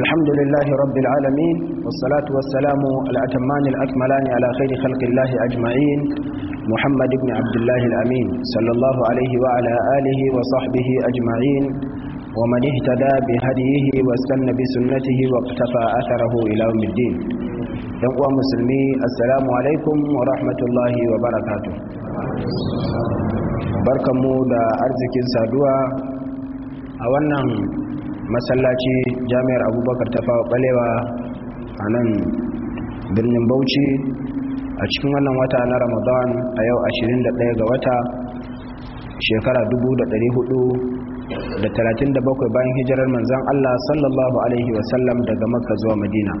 الحمد لله رب العالمين والصلاة والسلام الأتمان الأكملان على خير خلق الله أجمعين محمد بن عبد الله الأمين صلى الله عليه وعلى آله وصحبه أجمعين ومن اهتدى بهديه واستنى بسنته واقتفى أثره إلى يوم الدين يقوى مسلمي السلام عليكم ورحمة الله وبركاته barkanmu da arzikin saduwa a wannan masallaci jami'ar abubakar ta fawa balewa a nan birnin bauchi a cikin wannan wata na ramadan a yau 21 ga wata shekara 437 bayan hijirar manzan allah sallallahu alaihi wasallam daga makka zuwa madina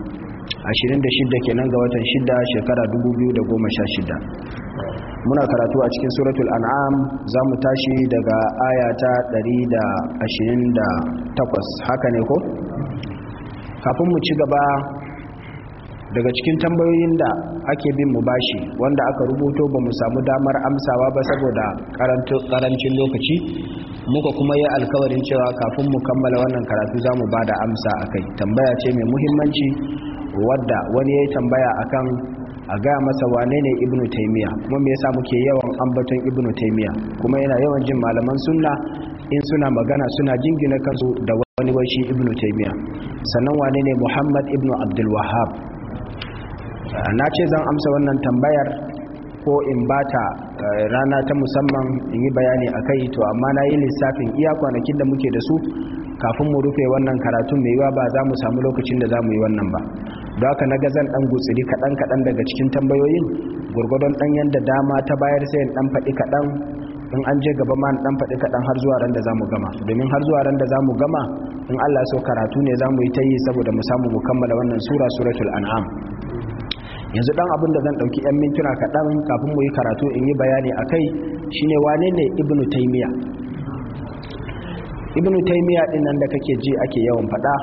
26 kenan ga watan 6 shekara 2016 muna karatu a cikin suratul an'am za mu tashi daga ayata 128 haka ne ko kafin mu ci gaba daga cikin tambayoyin da ake bin mu bashi wanda aka rubuto ba mu samu damar amsawa ba saboda karancin lokaci muka kuma yi alkawarin cewa kafin mu kammala wannan karatu za mu ba da amsa a kai tambaya ce mai muhimmanci wadda wani ya yi tambaya akan a gaya masa wane ne ibnu taimiya kuma me yasa muke yawan ambaton ibnu taimiya kuma yana yawan jin malaman sunna in suna magana suna jingina kansu da wani washi ibnu taimiya sannan wane ne muhammad ibnu abdul wahab na ce zan amsa wannan tambayar ko in bata eh, rana ta musamman in yi bayani a kai to amma na yi lissafin iya kwanakin da muke da su kafin mu rufe wannan karatun mai yiwa ba za mu samu lokacin da za mu yi wannan ba da haka na zan dan gutsiri kaɗan kaɗan daga cikin tambayoyin gurgudun ɗan yadda dama ta bayar sai in ɗan faɗi kaɗan in an je gaba ma dan faɗi kaɗan har zuwa ran da za mu gama domin har zuwa ran da za mu gama in Allah so karatu ne za mu yi ta yi saboda mu samu mu kammala wannan sura suratul an'am yanzu dan abin da zan ɗauki yan mintuna kaɗan kafin mu yi karatu in yi bayani a kai shine wane ne ibnu taymiya ibnu taymiya din nan da kake ji ake yawan faɗa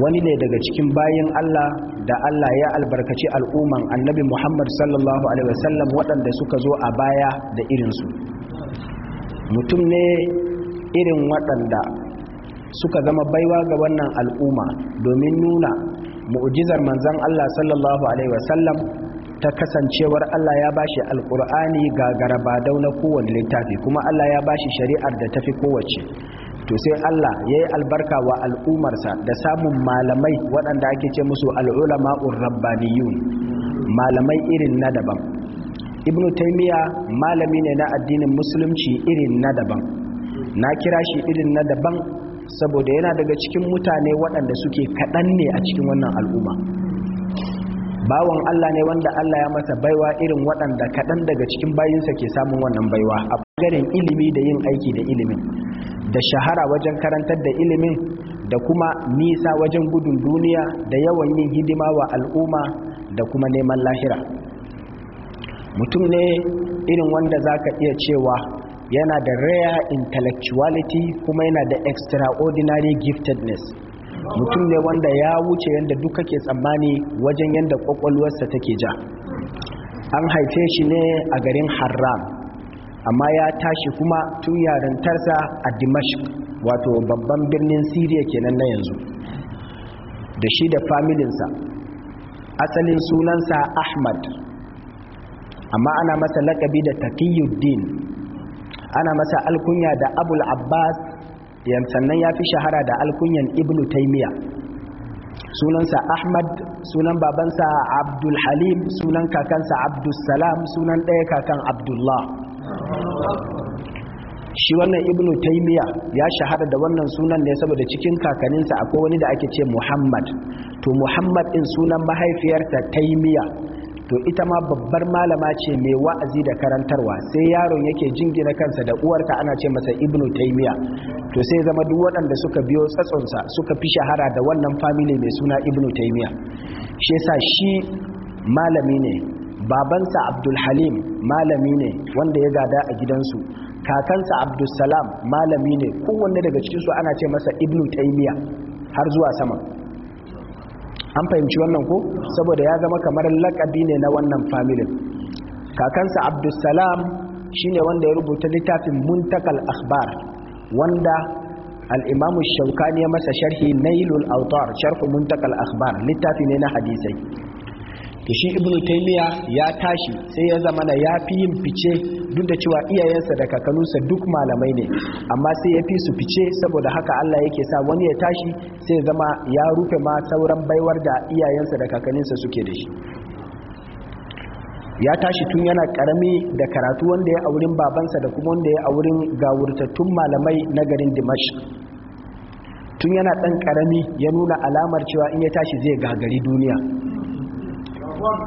wani ne daga cikin bayin Allah da Allah ya albarkaci al'umman annabi Muhammad sallallahu alaihi wasallam waɗanda suka zo a baya da irinsu mutum ne irin waɗanda suka zama baiwa ga wannan al'umma domin nuna mu'jizar manzon Allah sallallahu alaihi wasallam ta kasancewar Allah ya bashi alkur'ani ga garaba na kowane littafi kuma Allah ya bashi shari'ar da tafi kowace to sai Allah ya yi albarka wa al'ummarsa da samun malamai waɗanda ake ce musu al'ulama urrabbaniyun malamai irin na daban ibnu taimiya malami ne na addinin musulunci irin na daban na kira shi irin na daban saboda yana daga cikin mutane waɗanda suke kaɗan ne a cikin wannan al'umma bawan Allah ne wanda Allah ya masa baiwa irin waɗanda kaɗan daga cikin bayinsa ke samun wannan baiwa a ɓangaren ilimi da yin aiki da ilimin da shahara wajen karantar da ilimin da kuma nisa wajen gudun duniya da yawan yin hidima wa al'umma da kuma neman lahira mutum ne irin wanda za ka iya cewa yana da rare intellectuality kuma yana da extraordinary giftedness mutum ne wanda ya wuce yadda duk kake tsammani wajen yadda kwakwalwarsa take ja an haife shi ne a garin haram amma ya tashi kuma tun yarintarsa a dimashq wato babban birnin siriya kenan na yanzu da shi da familinsa asalin sunansa ahmad amma ana masa lakabi da taqiyuddin ana masa alkunya da abul abbas sannan ya fi shahara da alkunyan ibnu taimiya sunansa ahmad sunan babansa abdul halim sunan kakansa abdul salam sunan ɗaya kakan abdullah shi wannan ibnu taimiya ya shahara da wannan sunan ne saboda cikin kakaninsa akwai wani da ake ce muhammad to muhammad ɗin sunan mahaifiyarta taimiya to ita ma babbar malama ce mai wa'azi da karantarwa sai yaron yake jingina kansa da uwarta ana ce masa ibnu taymiya to sai zama duk waɗanda suka biyo tsatsonsa suka fi shahara da wannan family mai suna ibnu taymiya shi yasa shi malami ne babansa abdul halim malami ne wanda ya gada a gidansu kakansa abdul salam malami ne kowanne daga cikinsu ana ce masa ibnu taymiya har zuwa sama an fahimci wannan ko saboda ya zama kamar lakabi ne na wannan familin kakansa abdulsalam shine wanda ya rubuta littafin muntakal akhbar wanda al'imamu shaukani ya masa sharhi nailul autar sharhu muntakal akhbar littafi ne na hadisai to shi ibnu taymiya ya tashi sai ya zama na ya fi yin fice duk da cewa iyayensa da kakanninsa duk malamai ne amma sai ya fi su fice saboda haka Allah yake sa wani ya tashi sai ya zama ya rufe ma sauran baiwar da iyayensa da kakanninsa suke da shi ya tashi tun yana karami da karatu wanda ya aurin babansa da kuma wanda ya aurin gawurtattun malamai na garin Dimash, tun yana ɗan karami ya nuna alamar cewa in ya tashi zai gagari duniya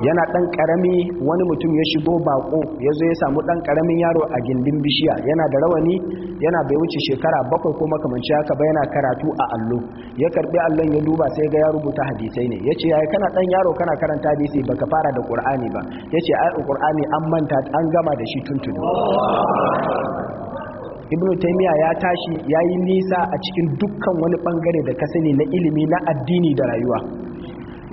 yana ɗan karami wani mutum ya shigo bako ya zo ya samu ɗan karamin yaro a gindin bishiya yana da rawani yana bai wuce shekara bakwai ko makamanci haka ba yana karatu a allo ya karbi allon ya duba sai ga ya rubuta hadisai ne Ya yace yi kana dan yaro kana karanta hadisi baka fara da qur'ani ba Ya ce ai qur'ani an manta an gama da shi tuntuni ibn taymiya ya tashi yayi nisa a cikin dukkan wani bangare da ka sani na ilimi na addini da rayuwa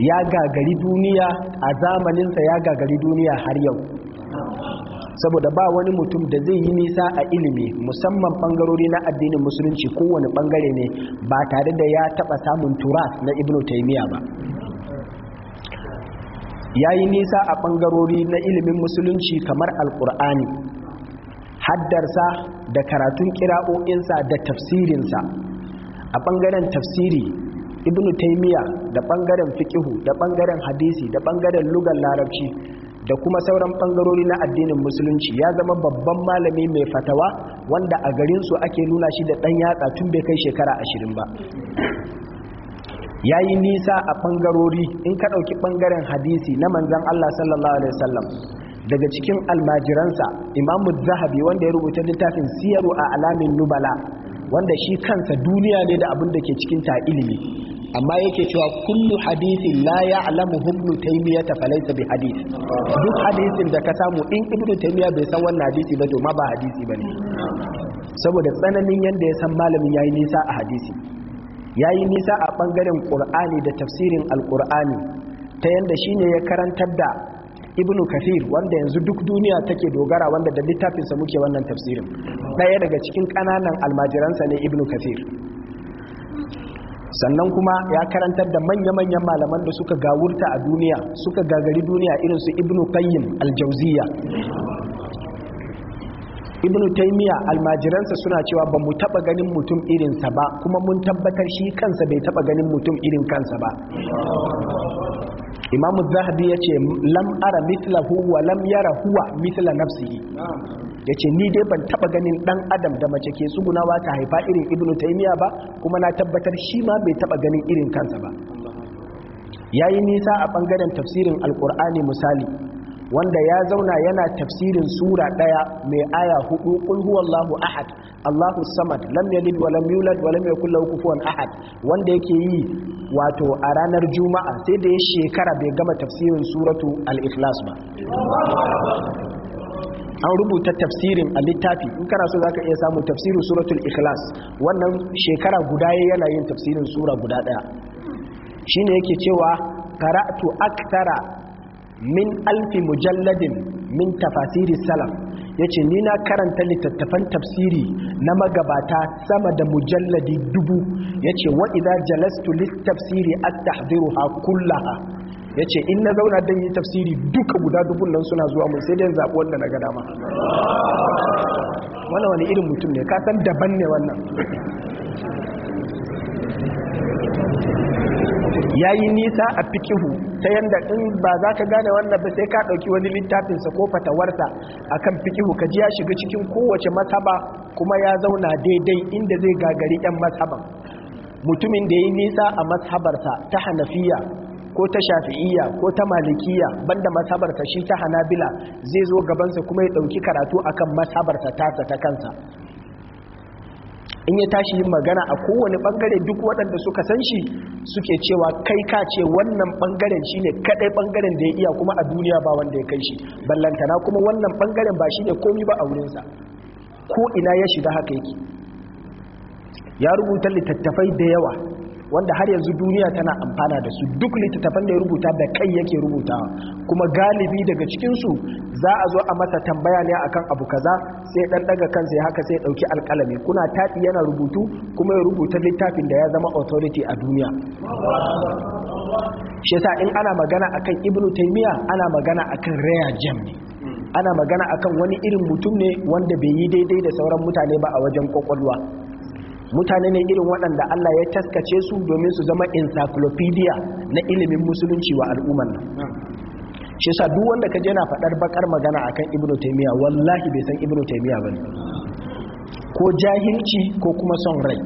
ya gagari duniya a zamaninsa ya gagari duniya har yau saboda ba wani mutum da zai yi nisa a ilimi musamman bangarori na addinin musulunci kowane bangare ne ba tare da ya taba samun tura na ibnu taymiya ba ya yi nisa a bangarori na ilimin musulunci kamar alkur'ani haddarsa da karatun kira'o'insa da tafsirinsa a bangaren tafsiri ibn taymiya da bangaren Fiƙihu da bangaren hadisi da bangaren lugar larabci da kuma sauran bangarori na addinin musulunci ya zama babban malami mai fatawa wanda a garin su ake nuna shi da ɗan yatsa tun bai kai shekara ashirin ba yayi nisa a bangarori in ka ɗauki bangaren hadisi na manzon Allah sallallahu alaihi wasallam daga cikin almajiransa imamu zahabi wanda ya rubuta littafin siyaru a alamin nubala wanda shi kansa duniya ne da abin da ke cikin ta ilimi amma yake cewa kullu hadisi la ya'lamu ibn taimiya ta laysa bi hadith duk hadisin da ka samu in ibn taimiya bai san wannan hadisi ba to ma ba hadisi ne. saboda tsananin yanda ya san malamin yayi nisa a hadisi yayi nisa a ɓangaren qur'ani da tafsirin alqur'ani ta yanda ne ya karantar da Ibnu kathir wanda yanzu duk duniya take dogara wanda da littafinsa muke wannan tafsirin ɗaya daga cikin ƙananan almajiransa ne ibn kathir sannan kuma ya karantar da manya-manyan malaman da suka gawurta a duniya suka gagari duniya irin su ibn qayyim al-jawziya ibn taymiya almajiransa suna cewa ba mu taba ganin mutum irinsa ba kuma mun tabbatar shi kansa bai taba ganin mutum irin kansa ba imam zahabi ya ce lam ara mitla huwa lam yara huwa mitla nafsihi ya ce ni dai ban taba ganin dan adam da mace ke tsugunawa ta haifa irin ibnu miya ba kuma na tabbatar shi ma bai taba ganin irin kansa ba yayi nisa a ɓangaren tafsirin alqur'ani misali wanda ya zauna yana tafsirin sura daya mai aya hudu qul huwallahu ahad allahu samad lam yalid wa yulad wa yakul lahu kufuwan ahad wanda yake yi wato a ranar juma'a sai da ya shekara bai gama tafsirin suratu al-ikhlas ba an rubuta tafsirin a littafi in kana so zaka iya samu tafsirin suratul ikhlas wannan shekara guda yana yin tafsirin sura guda daya shine yake cewa qara'tu aktara min alfi mujalladin min tafasiri salaf ya ce ni na karanta littattafan tafsiri na magabata sama da mujalladi dubu ya ce wa'iza jalastu littafsiri a tahdiru ha kullaha ya ce in na zauna don yi tafsiri duka guda dubun nan suna zuwa mun sai dai zaɓi wanda na gada ma wannan wani irin mutum ne kasan daban ne wannan ya yi nisa a fikihu ta yadda in ba za ka gane wannan ba sai ka ɗauki wani littafinsa ko fatawarsa a kan fikihu ka ji ya shiga cikin kowace masaba kuma ya zauna daidai inda zai gagari 'yan masaban mutumin da ya yi nisa a masabarsa ta hanafiya ko ta shafi'iyya ko ta malikiya banda masabarsa shi ta hanabila zai zo gabansa kuma ya ɗauki karatu akan masabarsa tasa ta kansa in ya tashi yin magana a kowane bangare duk waɗanda suka san shi suke cewa kai ka ce wannan bangaren shine kadai bangaren da ya iya kuma a duniya ba wanda ya kai shi ballantana kuma wannan bangaren ba shine komi ba a wurinsa ko ina ya shiga haka yake ya rubuta littattafai da yawa wanda har yanzu duniya tana amfana da su duk littattafan da ya rubuta da kai yake rubutawa kuma galibi daga cikinsu za a zo a masa tambaya ne akan abu kaza sai dan daga kansa ya haka sai dauki alkalami kuna tafi yana rubutu kuma ya rubuta littafin da ya zama authority a duniya shi yasa in ana magana akan ibnu taymiya ana magana akan Raya Jam ne ana magana akan wani irin mutum ne wanda bai yi daidai da sauran mutane ba a wajen kwakwalwa mutane ne irin waɗanda Allah ya taskace su domin su zama encyclopedia na ilimin musulunci wa al'umman nan shi yasa duk wanda kaje na faɗar bakar magana akan ibnu taymiya wallahi bai san ibnu taymiya bane ko jahilci ko kuma son rai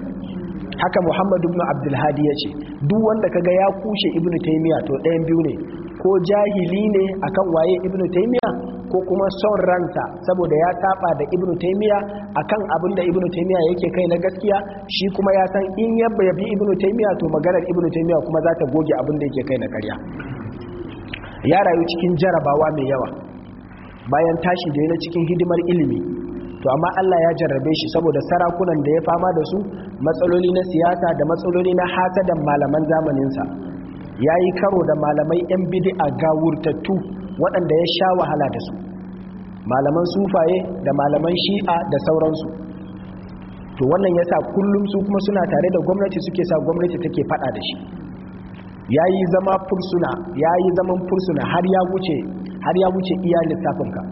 haka muhammad ibn abdul hadi yace duk wanda ka ga ya kushe ibnu taymiya to ɗayan biyu ne ko jahili ne akan waye ibnu taymiya ko kuma son ransa saboda ya saba da ibnu taymiya akan abin da ibnu taymiya yake kai na gaskiya shi kuma ya san in yabba yabi ibnu taymiya to maganar ibnu taymiya kuma za ta goge abin da yake kai na karya ya rayu cikin jarabawa mai yawa bayan tashi da yana cikin hidimar ilimi to amma Allah ya jarrabe shi saboda sarakunan da ya fama da su matsaloli na siyasa da matsaloli na hasadan malaman zamaninsa ya yi karo da malamai 'yan bidi'a gawurtattu waɗanda ya sha wahala da su malaman sufaye da malaman shi'a da sauransu to wannan ya sa kullum su kuma suna tare da gwamnati suke sa gwamnati take faɗa da shi ya yi zama fursuna ya yi zaman fursuna har ya wuce har ya wuce iya lissafinka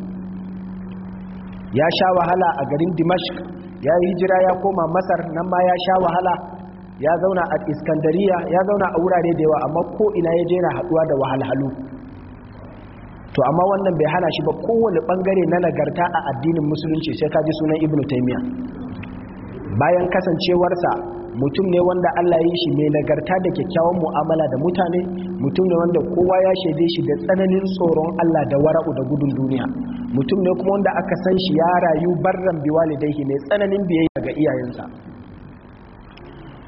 ya sha wahala a garin dimashq ya yi hijira ya koma masar nan ma ya sha wahala ya zauna a iskandariya ya zauna a wurare da yawa amma ko ina ya jera haduwa da wahalhalu to amma wannan bai hana shi ba kowane bangare na nagarta a addinin musulunci sai ka ji sunan ibn taymiya bayan kasancewarsa mutum ne wanda Allah ya yi shi mai nagarta da kyakkyawan mu'amala da mutane mutum ne wanda kowa ya shaide shi da tsananin tsoron Allah da wara'u da gudun duniya mutum ne kuma wanda aka san shi ya rayu barran biwalidaihi mai tsananin biyayya ga iyayensa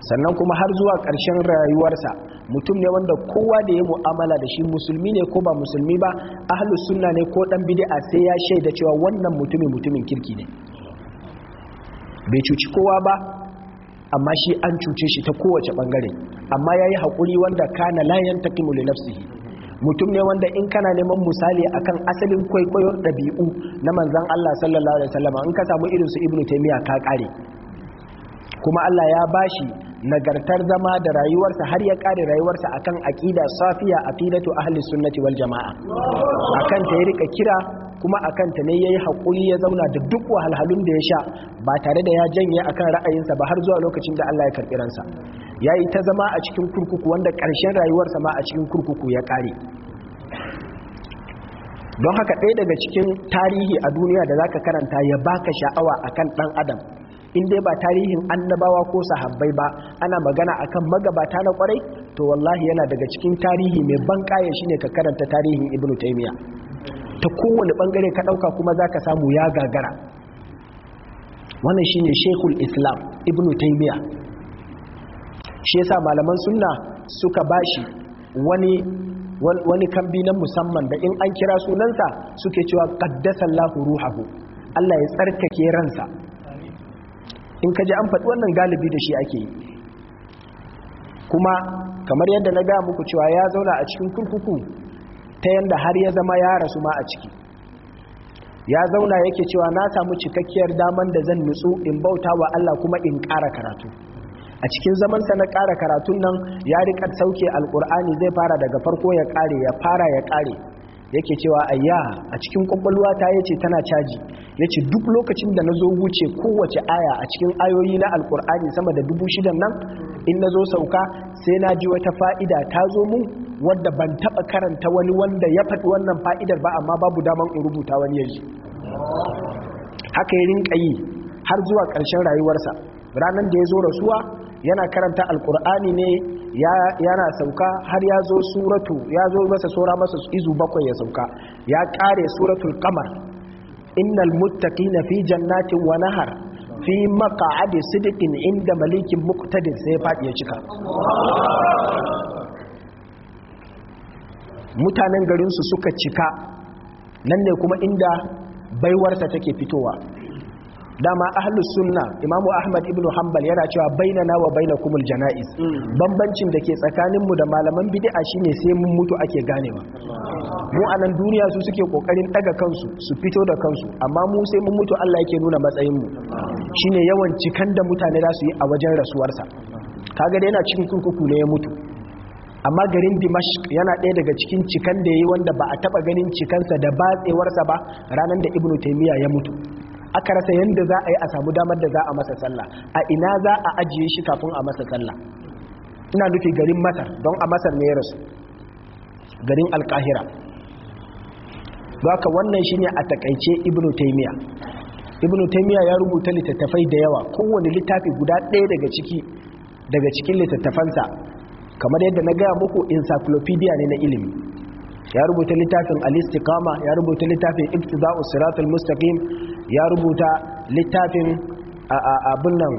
sannan kuma har zuwa ƙarshen rayuwarsa mutum ne wanda kowa da ya mu'amala da shi musulmi ne ko ba musulmi ba ahlus sunna ne ko dan bid'a sai ya shaida cewa wannan mutumin mutumin kirki ne bai cuci kowa ba amma shi an cuce shi ta kowace bangare amma ya yi hakuri wanda kana la yantaqimu li nafsihi mutum ne wanda in kana neman misali akan asalin kwaikwayon ɗabi'u na manzan Allah sallallahu alaihi wasallam in ka samu irin su Ibn Taimiyya ka kare kuma Allah ya bashi nagartar zama da rayuwarsa har ya kare rayuwarsa akan aƙida safiya a aqidatu ahli sunnati wal jamaa akan ta rika kira kuma akan ta ne yayi haƙuri ya zauna da duk wahalhalun da ya sha ba tare da ya janye akan ra'ayinsa ba har zuwa lokacin da Allah ya karbi ransa yayi ta zama a cikin kurkuku wanda ƙarshen rayuwarsa ma a cikin kurkuku ya kare don haka ɗaya daga cikin tarihi a duniya da zaka karanta ya baka sha'awa akan ɗan adam Inda ba tarihin annabawa ko sahabbai ba ana magana akan magabata na kwarai to wallahi yana daga cikin tarihi mai ban kaya shine ka karanta tarihin ibnu taymiya ta kowane bangare ka dauka kuma zaka samu ya gagara wannan shine shekul islam ibnu taymiya shi yasa malaman sunna suka bashi wani wani kambi na musamman da in an kira sunansa suke cewa qaddasallahu ruhahu Allah ya tsarkake ransa in ka ji an faɗi wannan galibi da shi ake yi kuma kamar yadda na gaya muku cewa ya zauna a cikin kurkuku ta yadda har ya zama ya rasu ma a ciki ya zauna yake cewa na samu cikakkiyar daman da zan nutsu in bauta wa Allah kuma in ƙara karatu a cikin zamansa na ƙara karatun nan ya riƙa sauke alƙur'ani zai fara daga farko ya ƙare ya fara ya ƙare yake cewa ayya a cikin kwakwalwa ta yace tana caji yace duk lokacin da nazo wuce kowace aya a cikin ayoyi na alkur'ani sama da dubu shidan nan in nazo sauka sai na ji wata fa'ida ta zo mun wanda ban taba karanta wani wanda ya faɗi wannan fa'idar ba amma babu daman in rubuta wani yaji haka ya rinka yi har zuwa ƙarshen rayuwarsa ranar da ya zo rasuwa yana karanta alkur'ani ne yana sauka har ya zo suratu ya zo masa sora masa izu bakwai ya sauka ya kare suratul kamar innal na fi jannatin wa nahar fi maq'adi sidqin inda malikin Muktadin sai fadi ya cika mutanen garinsu suka cika nan ne kuma inda baiwarsa take fitowa dama ahlus sunna imamu ahmad ibnu hanbal yana cewa bainana wa kumul janaiz mm. bambancin da ke tsakanin mu da malaman bid'a shine sai mun mutu ake ganewa mu a duniya su suke kokarin daga kansu su fito da kansu amma mu sai mun mutu Allah yake nuna matsayin mu shine yawan cikan da mutane za su yi a wajen rasuwarsa kaga dai yana cikin kurkuku ne ya mutu amma garin dimashq yana ɗaya daga cikin cikan da yayi wanda ba a taɓa ganin cikansa da batsewarsa ba ranar da ibnu taymiya ya mutu aka rasa yadda za a yi a samu damar da za a masa sallah a ina za a ajiye shi kafin a masa sallah ina nufi garin masar don a masar ne ya rasu garin alkahira ka wannan shine a takaice ibnu taimiyya ibnu taimiyya ya rubuta littattafai da yawa kowane littafi guda ɗaya daga cikin littattafansa kamar yadda na gaya muku encyclopedia ne na ilimi ya rubuta littafin al-istiqama ya rubuta littafin ibtida'us siratal mustaqim ya rubuta littafin abun nan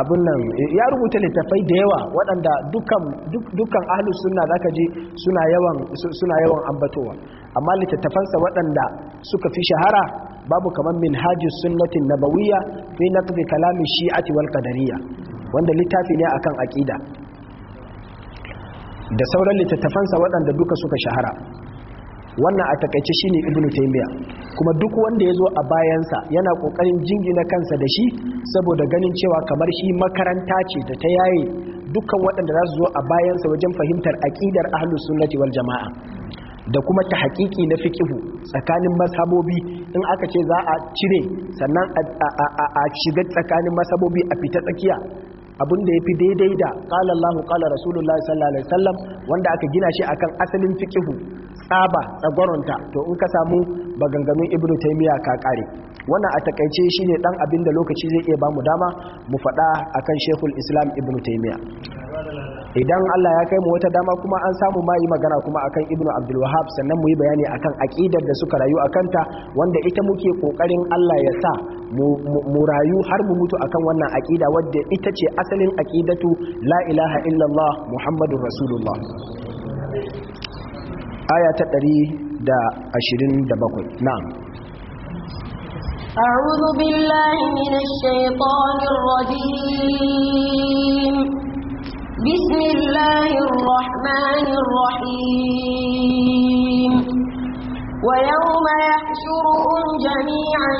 abun nan ya rubuta littafai da yawa waɗanda dukkan suna sunna zaka ji suna yawan ambatowa amma littattafansa waɗanda suka fi shahara babu kamar minhajus sunnatin nabawiyya fi tafi kalamin shi'ati wal kadariya wanda littafi ne akan aƙida. da sauran littattafansa waɗanda duka suka shahara wannan a takaice shine ibnu taimiyya. kuma duk wanda ya zo a bayansa yana ƙoƙarin jingina kansa da shi saboda ganin cewa kamar shi makaranta ce da ta yaye dukkan waɗanda za su zo a bayansa wajen fahimtar aƙidar ahlus sunnati wal jama'a da kuma ta hakiki na fiƙihu tsakanin masabobi in aka ce za a cire sannan a shiga tsakanin masabobi a fita tsakiya da ya fi daidai da ƙalallahu ƙala rasulullah sallallahu alaihi wanda aka gina shi akan asalin fiƙihu. tsaba tsagwaronta to in ka samu maganganun ibnu taimiyya ka kare wannan a takaice shine dan abin da lokaci zai iya bamu dama mu faɗa akan shekul islam ibnu taimiyya idan Allah ya kai mu wata dama kuma an samu ma yi magana kuma akan ibnu abdul wahab sannan mu yi bayani akan aƙidar da suka rayu a kanta wanda ita muke kokarin Allah ya sa mu rayu har mu mutu akan wannan aƙida wadda ita ce asalin aƙidatu la ilaha illallah muhammadun rasulullah آية aya دا بقل نعم أعوذ بالله من الشيطان الرجيم بسم الله الرحمن الرحيم ويوم يحشرهم جميعا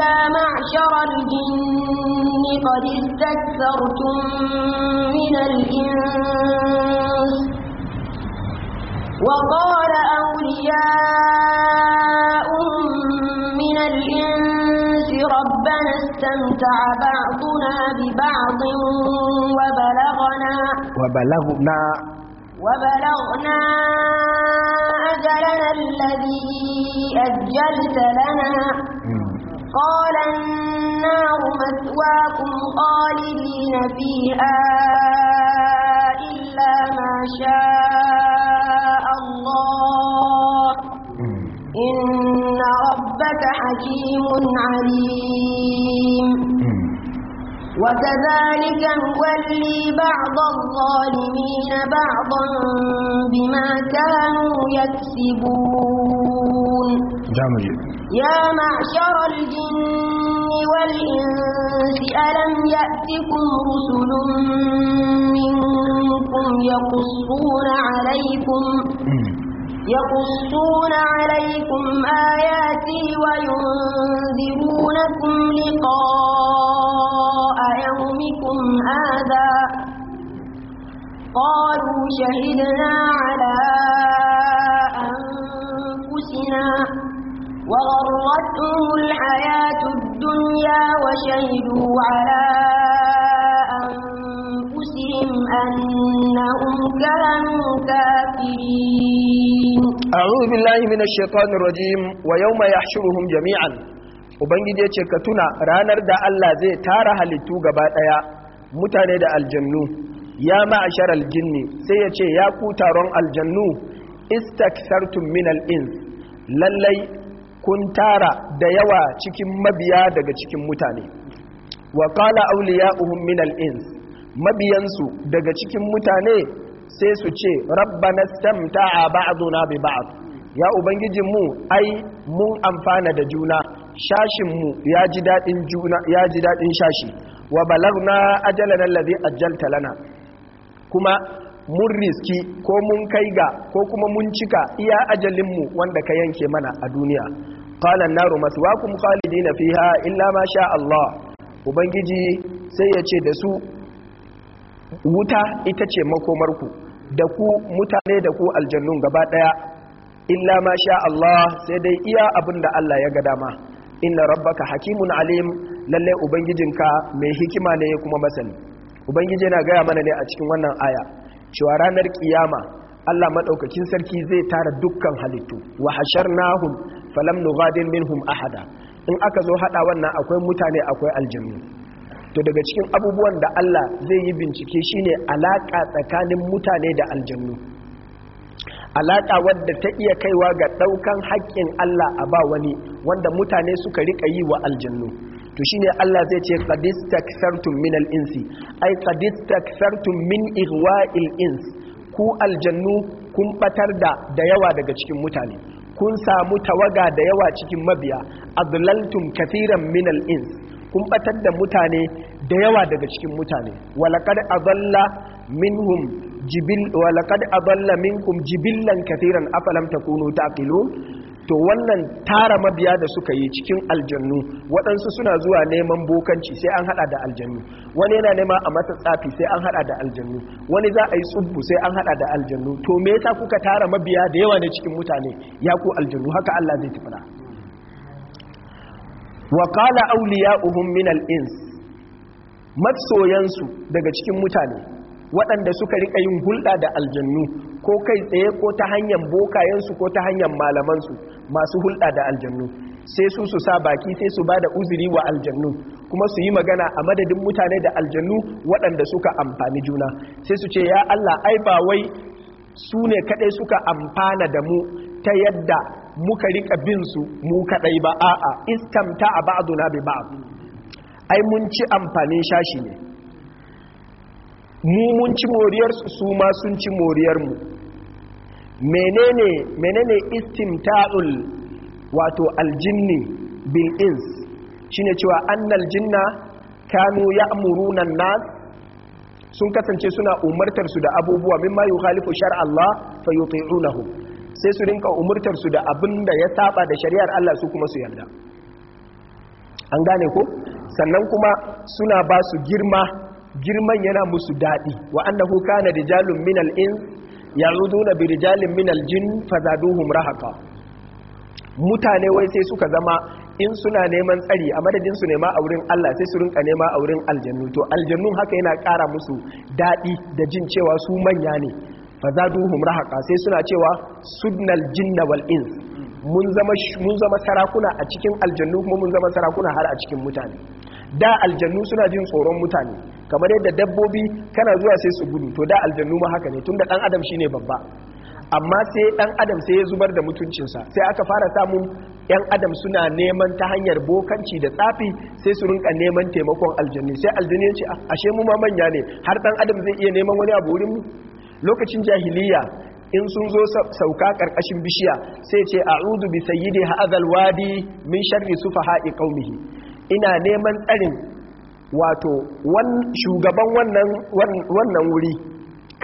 يا معشر الجن قد استكثرتم من الإنس وقال أولياء من الإنس ربنا استمتع بعضنا ببعض وبلغنا وبلغنا وبلغنا أجلنا الذي أجلت لنا قال النار مثواكم خالدين فيها إلا ما شاء إن ربك حكيم عليم وكذلك نولي بعض الظالمين بعضا بما كانوا يكسبون جميل. يا معشر الجن والإنس ألم يأتكم رسل منكم يقصون عليكم يقصون عليكم آياتي وينذرونكم لقاء يومكم هذا قالوا شهدنا على أنفسنا وغرتهم الحياة الدنيا وشهدوا على أنهم كانوا كافرين أعوذ بالله من الشيطان الرجيم ويوم يحشرهم جميعا Ubangiji ya ce ka tuna ranar da Allah zai tara halittu gaba ɗaya mutane da aljannu ya ma'ashar aljinni sai ya ce ya ku taron aljannu istaksartum min ins lallai kun tara da yawa cikin mabiya daga cikin mutane wa qala awliya'uhum min al-ins mabiyansu daga cikin mutane sai su ce rabbana stamta'a ba'duna bi ba'd ya ubangijin mu ai mun amfana da juna shashinmu ya ji dadin juna ya ji dadin shashi wa balagna ajalana lana kuma mun riski ko mun kai ga ko kuma mun cika iya ajalinmu wanda ka yanke mana a duniya qala an-naru maswaakum khalidina fiha illa ma sha Allah ubangiji sai ya ce da su wuta ita ce makomarku da ku mutane da ku aljannun gaba daya illa ma sha Allah sai dai iya abin da Allah ya ga dama inna rabbaka hakimun alim lalle ubangijinka mai hikima ne kuma masani ubangiji yana gaya mana ne a cikin wannan aya cewa ranar kiyama Allah madaukakin sarki zai tara dukkan halittu wa hasharnahum falam nughadir minhum ahada in aka zo hada wannan akwai mutane akwai aljannu to daga cikin abubuwan da Allah zai yi bincike shine alaƙa tsakanin mutane da aljannu Alaƙa wadda ta iya kaiwa ga ɗaukan haƙƙin Allah a ba wani wanda mutane suka rika yi wa aljannu to shine Allah zai ce qadistakthartum min al-insi ay qadistakthartum min igwa'il ins ku aljannu kun ɓatar da da yawa daga cikin mutane kun samu tawaga da yawa cikin mabiya adlaltum kathiran min al-ins kun batar da mutane da yawa daga cikin mutane walakad aballa minkum jibillan katiran afalam takunu taqilun to wannan tara mabiya da suka yi cikin aljannu waɗansu suna zuwa neman bokanci sai an hada da aljannu wani yana nema a masa tsafi sai an hada da aljannu wani za a yi tsubbu sai an hada da aljannu to me yasa kuka tara mabiya da yawa ne cikin mutane ya ku aljannu haka Allah zai tafi wa kala auliya uhun minal ins matsoyansu daga cikin mutane waɗanda suka riƙa yin hulɗa da aljannu ko kai tsaye ko ta hanyar bokayensu ko ta hanyar malamansu masu hulɗa da aljannu sai su su sa baki sai su ba da uzuri wa aljannu kuma su yi magana a madadin mutane da aljannu waɗanda suka amfani juna sai su ce ya Allah ai ba wai su ne kaɗai suka amfana da mu ta yadda muka rika bin su mu kaɗai ba a'a istamta a ba'duna bi ba. ai mun ci amfanin shashi ne mu mun ci moriyar su ma sun ci moriyar mu menene menene istimta'ul wato aljinni bil ins shine cewa annal jinna kanu ya'muruna nas sun kasance suna umartar su da abubuwa mimma yukhalifu shar Allah fayuti'unahu sai su rinka umartar su da abin da ya saba da shari'ar Allah su kuma su yarda an gane ko sannan kuma suna ba su girma girman yana musu daɗi wa annahu kana rijalun minal in ya'uduna bi rijalin minal jin fazaduhum rahaqa mutane wai sai suka zama in suna neman tsari a madadin su nema a wurin Allah sai su rinka nema a wurin aljannu to aljannu haka yana kara musu daɗi da jin cewa su manya ne fa zaduhum rahaqa sai suna cewa sudnal jinna wal ins mun zama mun zama sarakuna a cikin aljannu kuma mun zama sarakuna har a cikin mutane da aljannu suna jin tsoron mutane kamar yadda dabbobi kana zuwa sai su gudu to da aljannu ma haka ne tunda dan adam shine babba amma sai dan adam sai ya zubar da mutuncinsa sai aka fara samun yan adam suna neman ta hanyar bokanci da tsafi sai su rinka neman taimakon aljanni sai aljanni ya ce ah, ashe mu ma manya ne har dan adam zai iya neman wani abu wurin lokacin jahiliya in sun zo sauka karkashin bishiya sai ce a'udhu bi sayyidi hadhal wadi min sharri sufaha'i qaumihi ina neman tsarin wato shugaban wannan wuri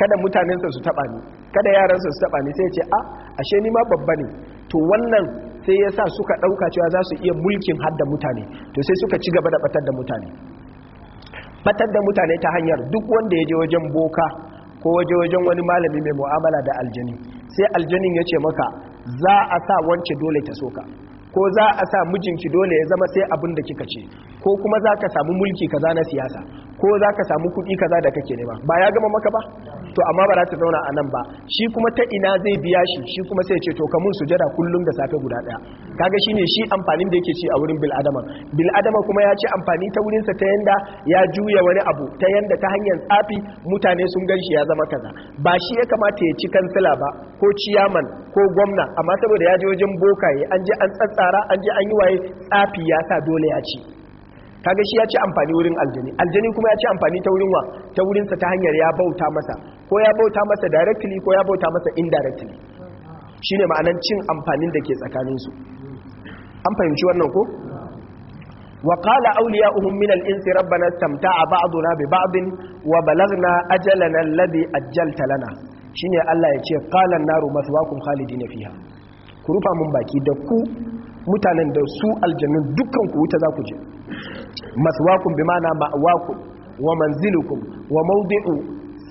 kada mutanensa su taɓa ni kada yaran su taba ni sai ya ce a ah, ashe ni ma babba ne to wannan sai ya sa suka ɗauka cewa za su iya mulkin hadda mutane to sai suka ci gaba da batar da mutane batar da mutane ta hanyar duk wanda ya je wajen boka ko waje wajen wani malami mai mu'amala da aljini sai aljinin ya ce maka za a sa wance dole ta soka ko za a sa mijinki dole ya zama sai abin da kika ce ko kuma za ka samu mulki kaza na siyasa ko za ka samu kuɗi kaza da kake nema ba ya gama maka ba to amma ba za ta zauna a nan ba shi kuma ta ina zai biya shi shi kuma sai ce to ka mun sujada kullum da safe guda daya kaga shine shi amfanin da yake ci a wurin bil adama bil adama kuma ya ci amfani ta wurin sa ta yanda ya juya wani abu ta yanda ta hanyar tsafi mutane sun gan shi ya zama kaza ba shi ya kamata ya ci kansila ba ko ciyaman ko gwamna amma saboda ya je wajen bokaye an je an tsatsara an je an yi waye tsafi ya sa dole ya ci kaga shi ya ci amfani wurin aljani aljani kuma ya ci amfani ta wurin wa ta wurin ta hanyar ya bauta masa ko ya bauta masa directly ko ya bauta masa indirectly shine ma'anar cin amfanin da ke tsakanin su an fahimci wannan ko wa qala awliya'uhum min al insi rabbana istamta'a ba'duna bi ba'din wa balagna ajalana alladhi ajjalta lana shine Allah ya ce qala an-naru mathwaakum khalidina fiha ku rufa mun baki da ku mutanen da su aljannun dukkan ku wuta za ku je maswakun bi mana ma'awakun wa manzilukum wa mawdi'u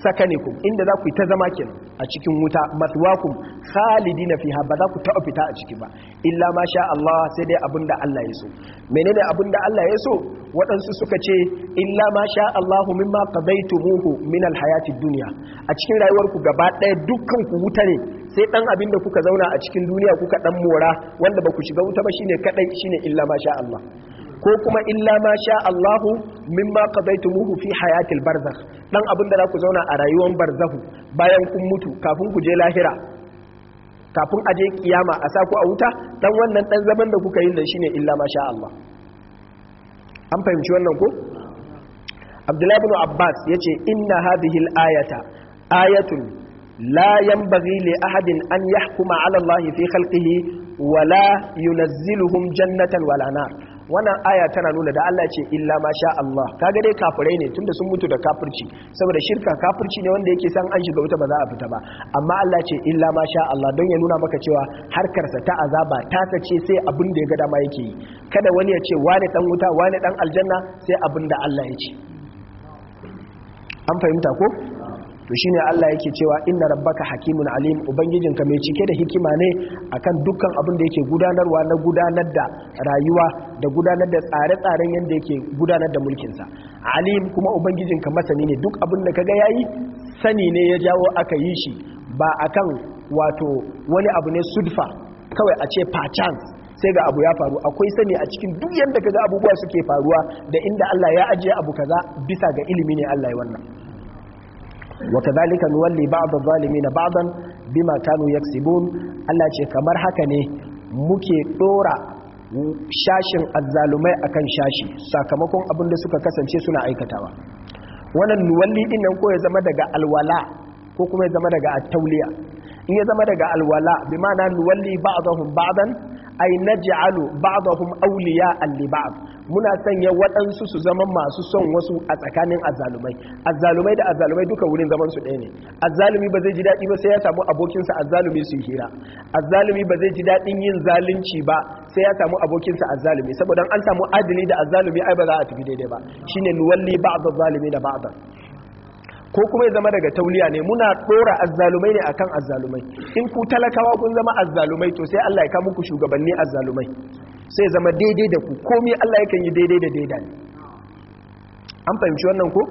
sakanikum inda za ku yi ta zama kin a cikin wuta maswakum khalidina fiha ba za ku ta fita a ciki ba illa ma sha Allah sai dai abinda Allah ya so menene da Allah ya so waɗansu suka ce illa ma sha Allah mimma qadaytumuhu min alhayati dunya a cikin rayuwar ku gaba ɗaya dukkan ku wuta ne sai dan da kuka zauna a cikin duniya kuka dan mora wanda ba ku shiga wuta ba shine kadai shine illa ma sha Allah ko kuma illa ma sha Allahu mimma qadaitumuhu fi hayatil barzakh dan abinda za ku zauna a rayuwar barzahu bayan kun mutu kafin ku je lahira kafin aje kiyama a saku a wuta dan wannan dan zaman da kuka yi nan shine illa ma sha Allah an fahimci wannan ko Abdullahi ibn Abbas yace inna hadhihi ayata ayatun la yanbaghi li ahadin an yahkuma ala Allah fi khalqihi wala yunazziluhum jannatan wala nar wannan aya tana nuna da Allah ce illa ma sha Allah kaga dai kafirai ne tunda sun mutu da kafirci saboda shirka kafirci ne wanda yake san an shiga wuta ba za a fita ba amma Allah ce illa ma sha Allah don ya nuna maka cewa harkar sa ta azaba ta sace sai abin da ya ga dama yake yi kada wani ya ce wani dan wuta wani dan aljanna sai abin da Allah ya ce an fahimta ko to shi ne Allah yake cewa inna rabbaka hakimun alim ka mai cike da hikima ne akan dukkan abin da yake gudanarwa na gudanar da rayuwa da gudanar da tsare-tsaren yadda yake gudanar da mulkin sa. alim kuma ubangijin ka masani ne duk abin da kaga yayi sani ne ya jawo aka yi shi ba akan wato wani abu ne sudfa kawai a ce chance sai ga abu ya faru akwai sani a cikin duk yadda kaga abubuwa suke faruwa da inda Allah ya ajiye abu kaza bisa ga ilimi ne Allah ya wannan wa kadhalika nuwalli ba'd adh-dhalimin ba'dan bima kanu Allah ce kamar haka ne muke dora shashin azzalumai akan shashi sakamakon abin da suka kasance suna aikatawa wannan nuwalli din nan ko ya zama daga alwala ko kuma ya zama daga at-tawliya in ya zama daga alwala bi ma'ana nuwalli ba'dahum ba'dan ai naj'alu ba'dahum awliya li ba'd muna sanya waɗansu su zama masu son wasu a tsakanin azzalumai azzalumai da azzalumai duka wurin zaman su ɗaya ne azzalumi ba zai ji daɗi ba sai ya samu abokinsa azzalumi su hira azzalumi ba zai ji daɗin yin zalunci ba sai ya samu abokinsa azzalumi saboda an samu adili da azzalumi ai ba za a tafi daidai ba shine nuwalli ba'd zalimi da ba'd ko kuma ya zama daga tauliya ne muna dora azzalumai ne akan azzalumai in ku talakawa kun zama azzalumai to sai Allah ya kawo muku shugabanni azzalumai sai zama daidai da ku komai Allah yakan yi daidai da daidai an fahimci wannan ko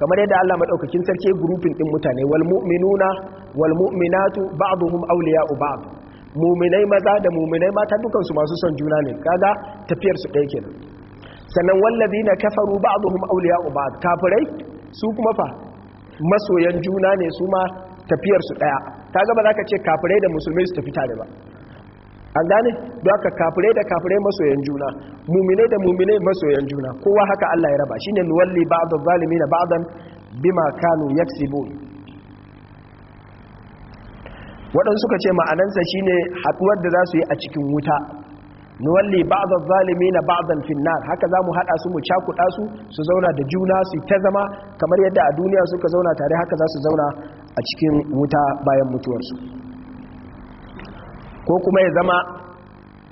kamar yadda Allah madaukakin sarki grouping din mutane wal mu'minuna wal mu'minatu ba'dhum awliya'u ba'd mu'minai maza da mu'minai mata dukan su masu son juna ne kaga tafiyar su ɗaya kenan sannan wallazina kafaru ba'dhum awliya'u ba'd kafirai su kuma fa masoyan juna ne su ma tafiyar su daya gaba za ka ce kafirai da musulmi su tafi tare ba an gane don ka kafirai da kafirai masoyan juna mumine da mumine masoyan juna kowa haka Allah ya raba Shi ne nuwalli ba'd zalimin ba'dan bima kanu yaksibun waɗansu ka ce ma'anansa shi ne haɗuwar da za su yi a cikin wuta nuwalli ba'd az-zalimin ba'dan fi nar haka za mu haɗa su mu cakuɗa su su zauna da juna su ta zama kamar yadda a duniya suka zauna tare haka za su zauna a cikin wuta bayan mutuwarsu ko kuma ya zama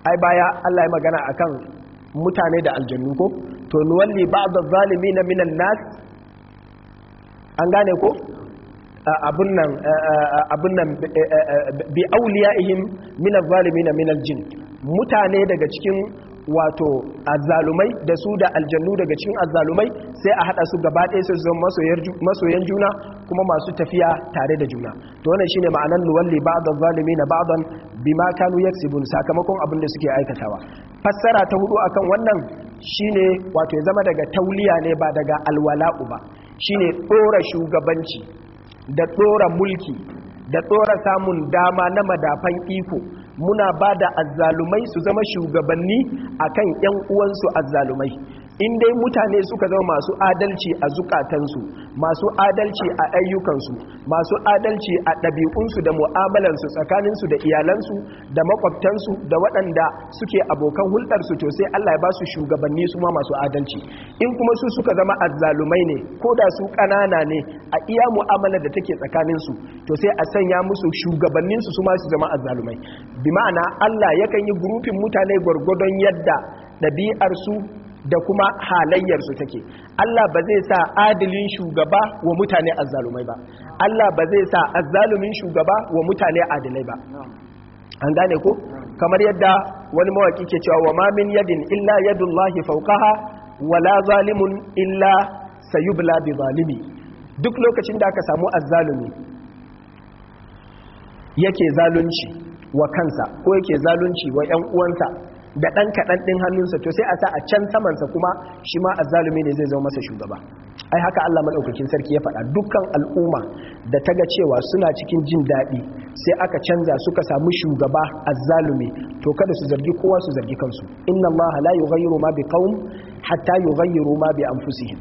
ai baya Allah ya magana a kan mutane da aljannu ko to nuwalli ba'd az na minan nas an gane ko abin nan bi auliya min minan zalimi na minan jini mutane daga cikin wato azzalumai da su da aljannu daga cikin azzalumai sai a hada su gaba ɗaya su zama masoyan juna kuma masu tafiya tare da juna to wannan shine ma'anar nuwalli na zalimi na ba'dan bima kanu yaksibun sakamakon abin da suke aikatawa fassara ta hudu akan wannan shine wato ya zama daga tauliya ne ba daga alwala'u ba shine dora shugabanci da dora mulki da dora samun dama na madafan iko muna ba da azzalumai su zama shugabanni akan yan uwansu azzalumai in dai mutane suka zama masu adalci a zukatansu masu adalci a ayyukansu masu adalci a ɗabi'unsu da mu'amalansu tsakaninsu da iyalansu da makwabtansu da waɗanda suke abokan hulɗarsu to sai Allah ya ba su shugabanni su ma masu adalci in kuma su suka zama azzalumai ne ko da su ƙanana ne a iya mu'amalar da take tsakaninsu to sai a sanya musu shugabanninsu su ma su zama azzalumai bi ma'ana Allah yakan yi gurufin mutane gwargwadon yadda ɗabi'arsu da kuma halayyarsu take Allah ba zai sa adilin shugaba wa mutane azzalumai ba Allah ba zai sa azzalumin shugaba wa mutane adilai ba an gane ko kamar yadda wani mawaki ke cewa wa ma min yadin illa yadullahi fawqaha la zalimun illa sayubla bi zalimi duk lokacin da aka samu azzalumi yake zalunci wa kansa ko yake zalunci wa 'yan uwansa da ɗan kaɗan ɗin hannunsa to sai a sa a can samansa kuma shi ma azzalumi ne zai zama masa shugaba ai haka Allah maɗaukakin sarki ya faɗa dukkan al'umma da ta ga cewa suna cikin jin daɗi sai aka canza suka samu shugaba azzalumi to kada su zargi kowa su zargi kansu inna Allah la yughayyiru ma biqaum hatta yughayyiru ma bi anfusihim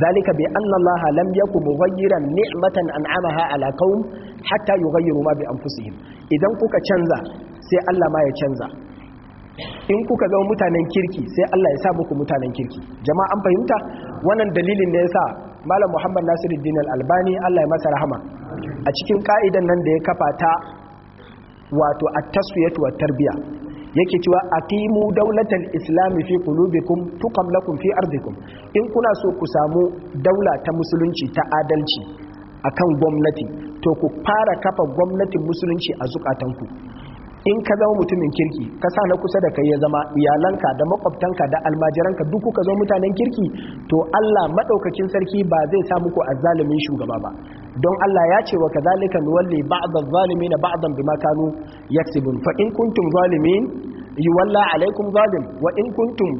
zalika bi anna Allah lam yakun mughayyiran ni'matan an'amaha ala qaum hatta yughayyiru ma bi anfusihim idan kuka canza sai Allah ma ya canza in kuka zama mutanen kirki sai Allah ya sa muku mutanen kirki jama'a an fahimta wannan dalilin ne sa malam Muhammad Nasiruddin Al-Albani Allah ya masa rahama a cikin ka'idan nan da ya kafa ta wato at-taswiyatu wat-tarbiya yake cewa aqimu dawlatal islam fi qulubikum tuqam lakum fi ardikum in kuna so ku samu daula ta musulunci ta adalci akan gwamnati to ku fara kafa gwamnatin musulunci a zukatanku in ka zama mutumin kirki ka sa na kusa da kai ya zama iyalanka da makwabtanka da almajiranka duk kuka zama mutanen kirki to Allah madaukakin sarki ba zai sa muku azzalumin shugaba ba don Allah ya ce wa kazalika nuwalli ba'd adh-dhalimin ba'dan bima kanu yaksibun fa in kuntum zalimin yuwalla alaykum zalim wa in kuntum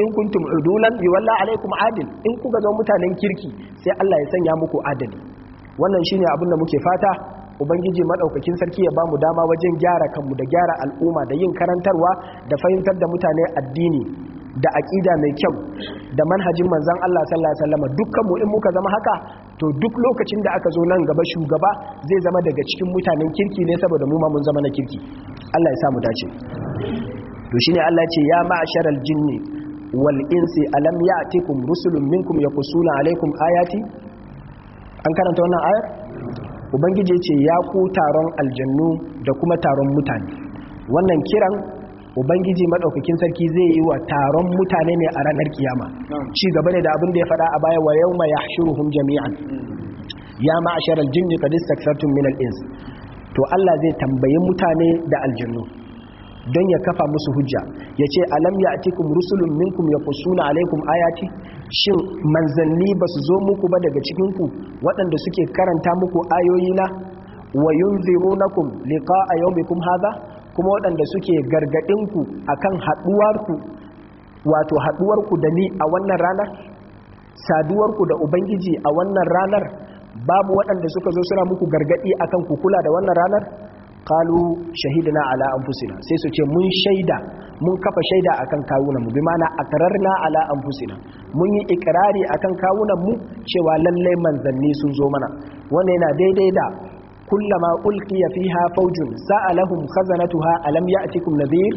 in kuntum udulan yuwalla alaykum adil in kuka zama mutanen kirki sai Allah ya sanya muku adali wannan shine abin da muke fata ubangiji maɗaukakin sarki ya bamu dama wajen gyara kanmu da gyara al'umma da yin karantarwa da fahimtar da mutane addini da aƙida mai kyau da manhajin manzan Allah sallallahu dukkanmu wasallam mu in muka zama haka to duk lokacin da aka zo nan gaba shugaba zai zama daga cikin mutanen kirki ne saboda mu ma mun zama na kirki Allah ya sa mu dace to shine Allah ce ya ma'asharal jinni wal insi alam ya'tikum rusulun minkum yaqussuna alaikum ayati an karanta wannan ayar ubangiji ce ya ku taron aljannu da kuma taron mutane wannan kiran ubangiji madaukakin sarki zai yi wa taron mutane ne a ranar kiyama ci gaba ne da abin da ya faɗa a baya wa ya shiruhun jami'an ya ma'ashar aljinni qad minal min ins to Allah zai tambayi mutane da aljannu don ya kafa musu hujja ya ce alam ya atikum rusulun minkum ya kusuna alaikum ayati shin manzanni ba su zo muku ba daga cikinku waɗanda suke karanta muku ayoyina wa yunzirunakum a yau mai kuma waɗanda suke gargaɗinku akan haɗuwarku wato haɗuwarku da ni a wannan ranar saduwarku da ubangiji a wannan ranar babu waɗanda suka zo suna muku gargaɗi akan kukula da wannan ranar qalu shahidna ala fusina sai su ce mun shaida mun kafa shaida akan kawunan mu bi ma'ana na ala fusina mun yi ikrari akan kawunan mu cewa lallai manzanni sun zo mana wanda yana daidai da كلما ألقي فيها فوج سألهم خزنتها ألم يأتكم نذير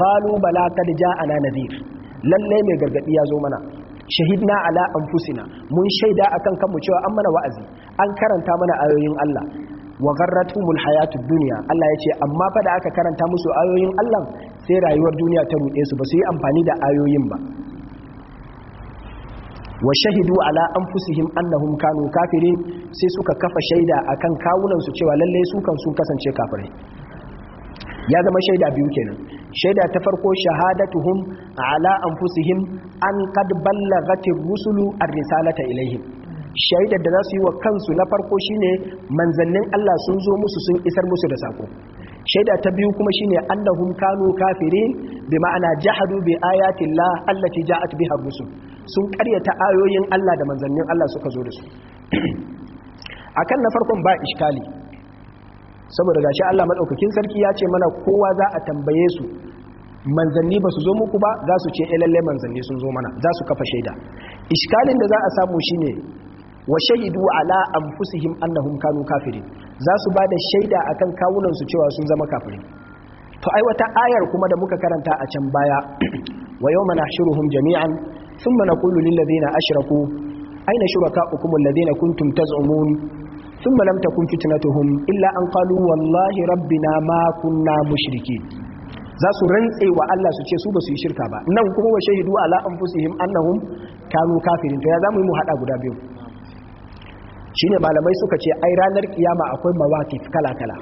قالوا بلى قد جاءنا نذير للي مي غرغدي يا زو منا شهدنا على انفسنا من شهدا akan kanmu cewa an mana wa'azi an karanta mana ayoyin Allah wa mul hayatu dunya Allah ya ce amma fa da aka karanta musu ayoyin Allah sai rayuwar duniya ta ruɗe su ba su yi amfani da ayoyin ba wa shahidu ala anfusihim annahum kanu kafirin sai suka kafa shaida akan kawunan su cewa lalle su kan sun kasance kafirai ya zama shaida biyu kenan shaida ta farko shahadatuhum ala anfusihim an qad ballaghatir rusulu ar-risalata ilaihim shaidar da za su yi wa kansu na farko shine manzannin Allah sun zo musu sun isar musu da sako shaida ta biyu kuma shine annahum kanu kafirin bi ma'ana jahadu bi ayati Allah allati ja'at biha rusul sun karyata ayoyin Allah da manzannin Allah suka zo da su akan na farkon ba iskali saboda gashi Allah madaukakin sarki ya ce mana kowa za a tambaye su manzanni ba su zo muku ba za su ce eh, lalle manzanni sun zo mana za su kafa shaida iskalin da za a samu shine wa shahidu ala anfusihim annahum kanu kafirin za su da shaida akan kawunan su cewa sun zama kafirin to ai wata ayar kuma da muka karanta a can baya wa yawma nahshuruhum jami'an thumma naqulu lil ladina ashraku aina shurakaukum alladhina kuntum taz'umun thumma lam takun fitnatuhum illa an qalu wallahi rabbina ma kunna mushrikeen za su rantse wa Allah su ce su ba su yi shirka ba nan kuma wa shahidu ala anfusihim annahum kanu kafirin to ya zamu yi mu hada guda biyu shine malamai suka ce ai ranar kiyama akwai mawaqif kala kala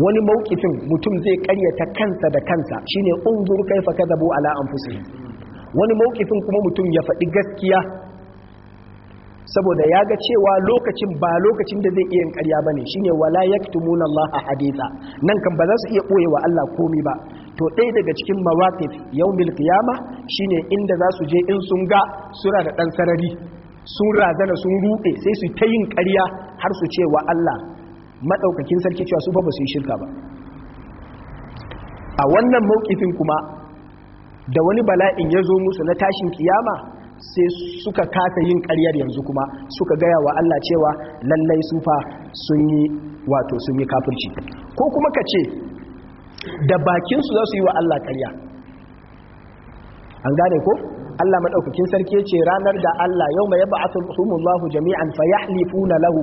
wani mawqifin mutum zai karyata kansa da kansa shine unzur kaifa kadabu ala anfusihim wani mawqifin kuma mutum ya faɗi gaskiya saboda ya ga cewa lokacin ba lokacin da zai iya yin ƙarya bane shine wala yaktumuna Allah haditha nan kan ba za su iya ɓoye wa Allah komi ba to ɗaya daga cikin mawaqif milkiyama qiyama shine inda za su je in sun ga sura da ɗan sarari sun razana sun ruɗe sai su ta yin karya har su ce wa Allah maɗaukakin sarki cewa su fa ba su yi shirka ba a wannan maukifin kuma da wani bala'in ya zo musu na tashin kiyama sai suka kasa yin karyar yanzu kuma suka gaya wa Allah cewa lallai su fa sun yi wato sun yi kafirci ko kuma ka ce da bakinsu za su yi wa Allah karya? an gane ko Allah madaukakin sarki yace ranar da Allah yauma yab'athumullahu jami'an fayahlifuna lahu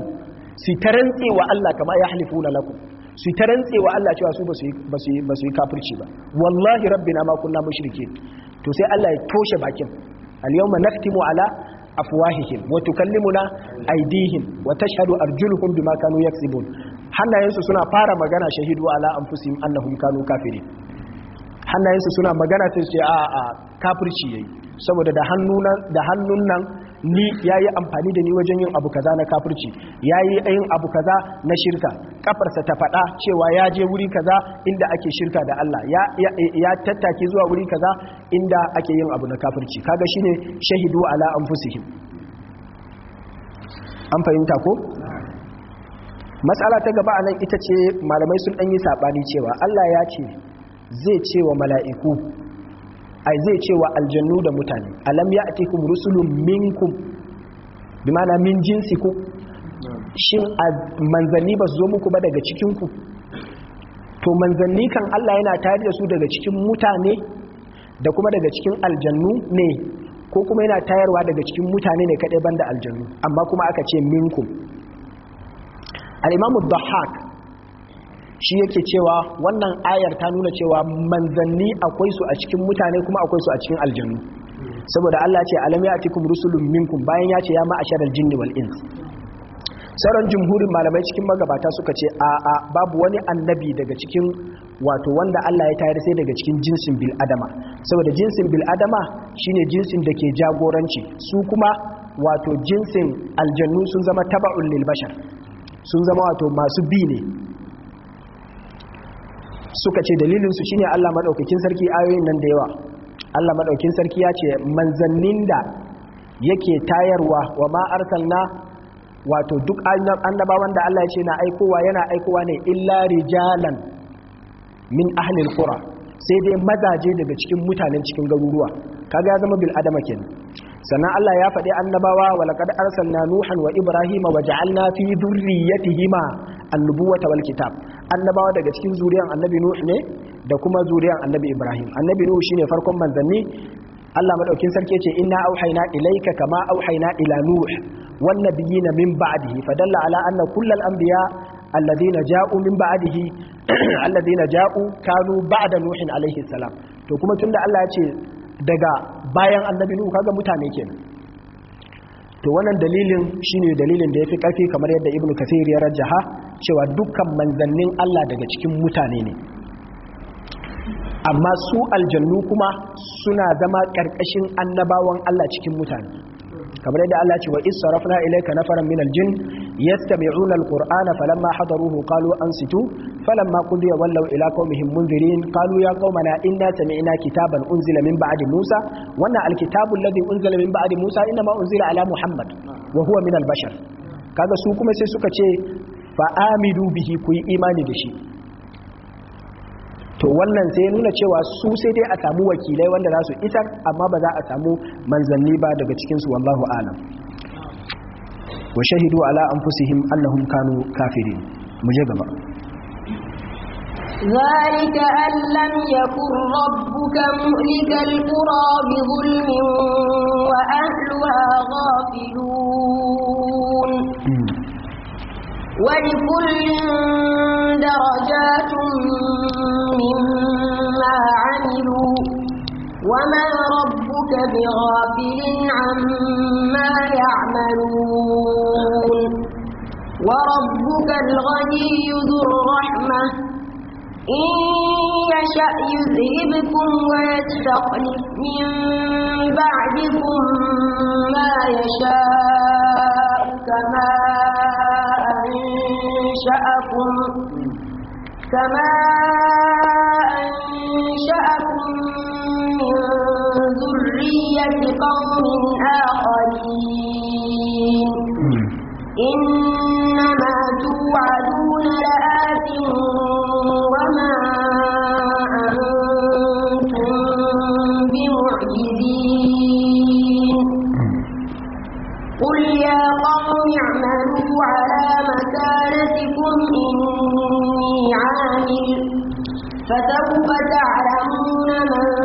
su tarantse wa Allah kama yahlifuna lakum su tarantse wa Allah cewa su ba su yi kafirci ba wallahi rabbina ma kunna mushrikeen to sai Allah ya toshe bakin al-yawma naktimu ala afwahihim wa tukallimuna aydihim wa tashhadu arjuluhum bima kanu yaksibun hannayensu suna fara magana shahidu ala anfusihim annahum kanu kafirin hannayensu suna magana ta ce a a kafirci yayi saboda da hannun nan ni yayi amfani da ni wajen yin abu kaza na kafirci yayi yin abu kaza na shirka kafarsa ta faɗa cewa ya je wuri kaza inda ake shirka da Allah ya ya, zuwa wuri kaza inda ake yin abu na kafirci kaga shine shahidu ala anfusihim an fahimta ko matsala ta gaba anan ita ce malamai sun yi saɓani cewa Allah ya ce zai ce wa mala'iku ai zai ce wa aljannu da mutane alam ya atikum rusulun minkum bi mana min jinsi ku. shin manzanni ba su zo muku ba daga cikinku to manzanni kan Allah yana tare da su daga cikin mutane da kuma daga cikin aljannu ne ko kuma yana tayarwa daga cikin mutane ne kaɗai banda aljannu amma kuma aka ce minkum al-imamu dhahak shi yake cewa wannan ayar ta nuna cewa manzanni akwai su a cikin mutane kuma akwai su a cikin aljannu saboda Allah ce alam ya'tikum rusulun minkum bayan ya ce ya ma'ashar aljinni wal ins sauran jumhurin malamai cikin magabata suka ce a a babu wani annabi daga cikin wato wanda Allah ya tayar sai daga cikin jinsin bil adama saboda jinsin bil adama shine jinsin da ke jagoranci su kuma wato jinsin aljannu sun zama taba'un lil bashar sun zama wato masu bi ne suka ce dalilin su shine Allah madaukakin sarki ayoyin nan da yawa Allah madaukakin sarki ya ce manzannin da yake tayarwa wa ma arsalna wato duk annabawan da Allah ya ce na aikowa yana aikowa ne illa rijalan min ahlil qura sai dai mazaje daga cikin mutanen cikin garuruwa kaga ya zama bil adama kenan sannan Allah ya faɗi annabawa wa laqad arsalna nuhan wa ibrahima wa ja'alna fi dhurriyyatihima an-nubuwata wal kitab annabawa daga cikin zuriyan annabi nuh ne da kuma zuriyan annabi ibrahim annabi Nuhu shine farkon manzanni Allah madaukin sarki ce inna auhayna ilayka kama auhayna ila nuh wan nabiyina min ba'dihi fadalla ala anna kullal anbiya alladhina ja'u min ba'dihi alladhina ja'u kanu ba'da nuh alayhi salam to kuma tunda Allah yace daga bayan annabi Nuhu kaga mutane kenan to wannan dalilin shine dalilin da ya fi ƙarfi kamar yadda ibnu kathir ya rajaha cewa dukkan manzannin Allah daga cikin mutane ne amma su aljannu kuma suna zama ƙarƙashin annabawan Allah cikin mutane kamar yadda Allah ce wa is sarafna ilayka nafaran min aljin yastami'una alqur'ana falamma hadaruhu qalu ansitu فلما قضي ولوا إلى قومهم منذرين قالوا يا قومنا إنا سمعنا كتابا أنزل من بعد موسى وأن الكتاب الذي أنزل من بعد موسى إنما أنزل على محمد وهو من البشر kaga su kuma sai suka ce fa amidu bihi ku yi imani da shi to wannan sai nuna cewa su sai dai a samu wakilai wanda za su isar amma ba za a samu manzanni ba daga cikinsu wallahu alam wa shahidu ala anfusihim annahum kanu kafirin mu je gaba ذلك أن لم يكن ربك مهلك القرى بظلم وأهلها غافلون ولكل درجات مما عملوا وما ربك بغافل عما يعملون وربك الغني ذو الرحمه إن يشأ يذهبكم ويستخلف من بعدكم ما يشاء كما أنشأكم كما أنشأكم من ذرية قوم آخرين إنما توعدون لآت وما أنتم بمعجزين قل يا قوم اعملوا على مكانتكم إني عامل فسوف تعلمون من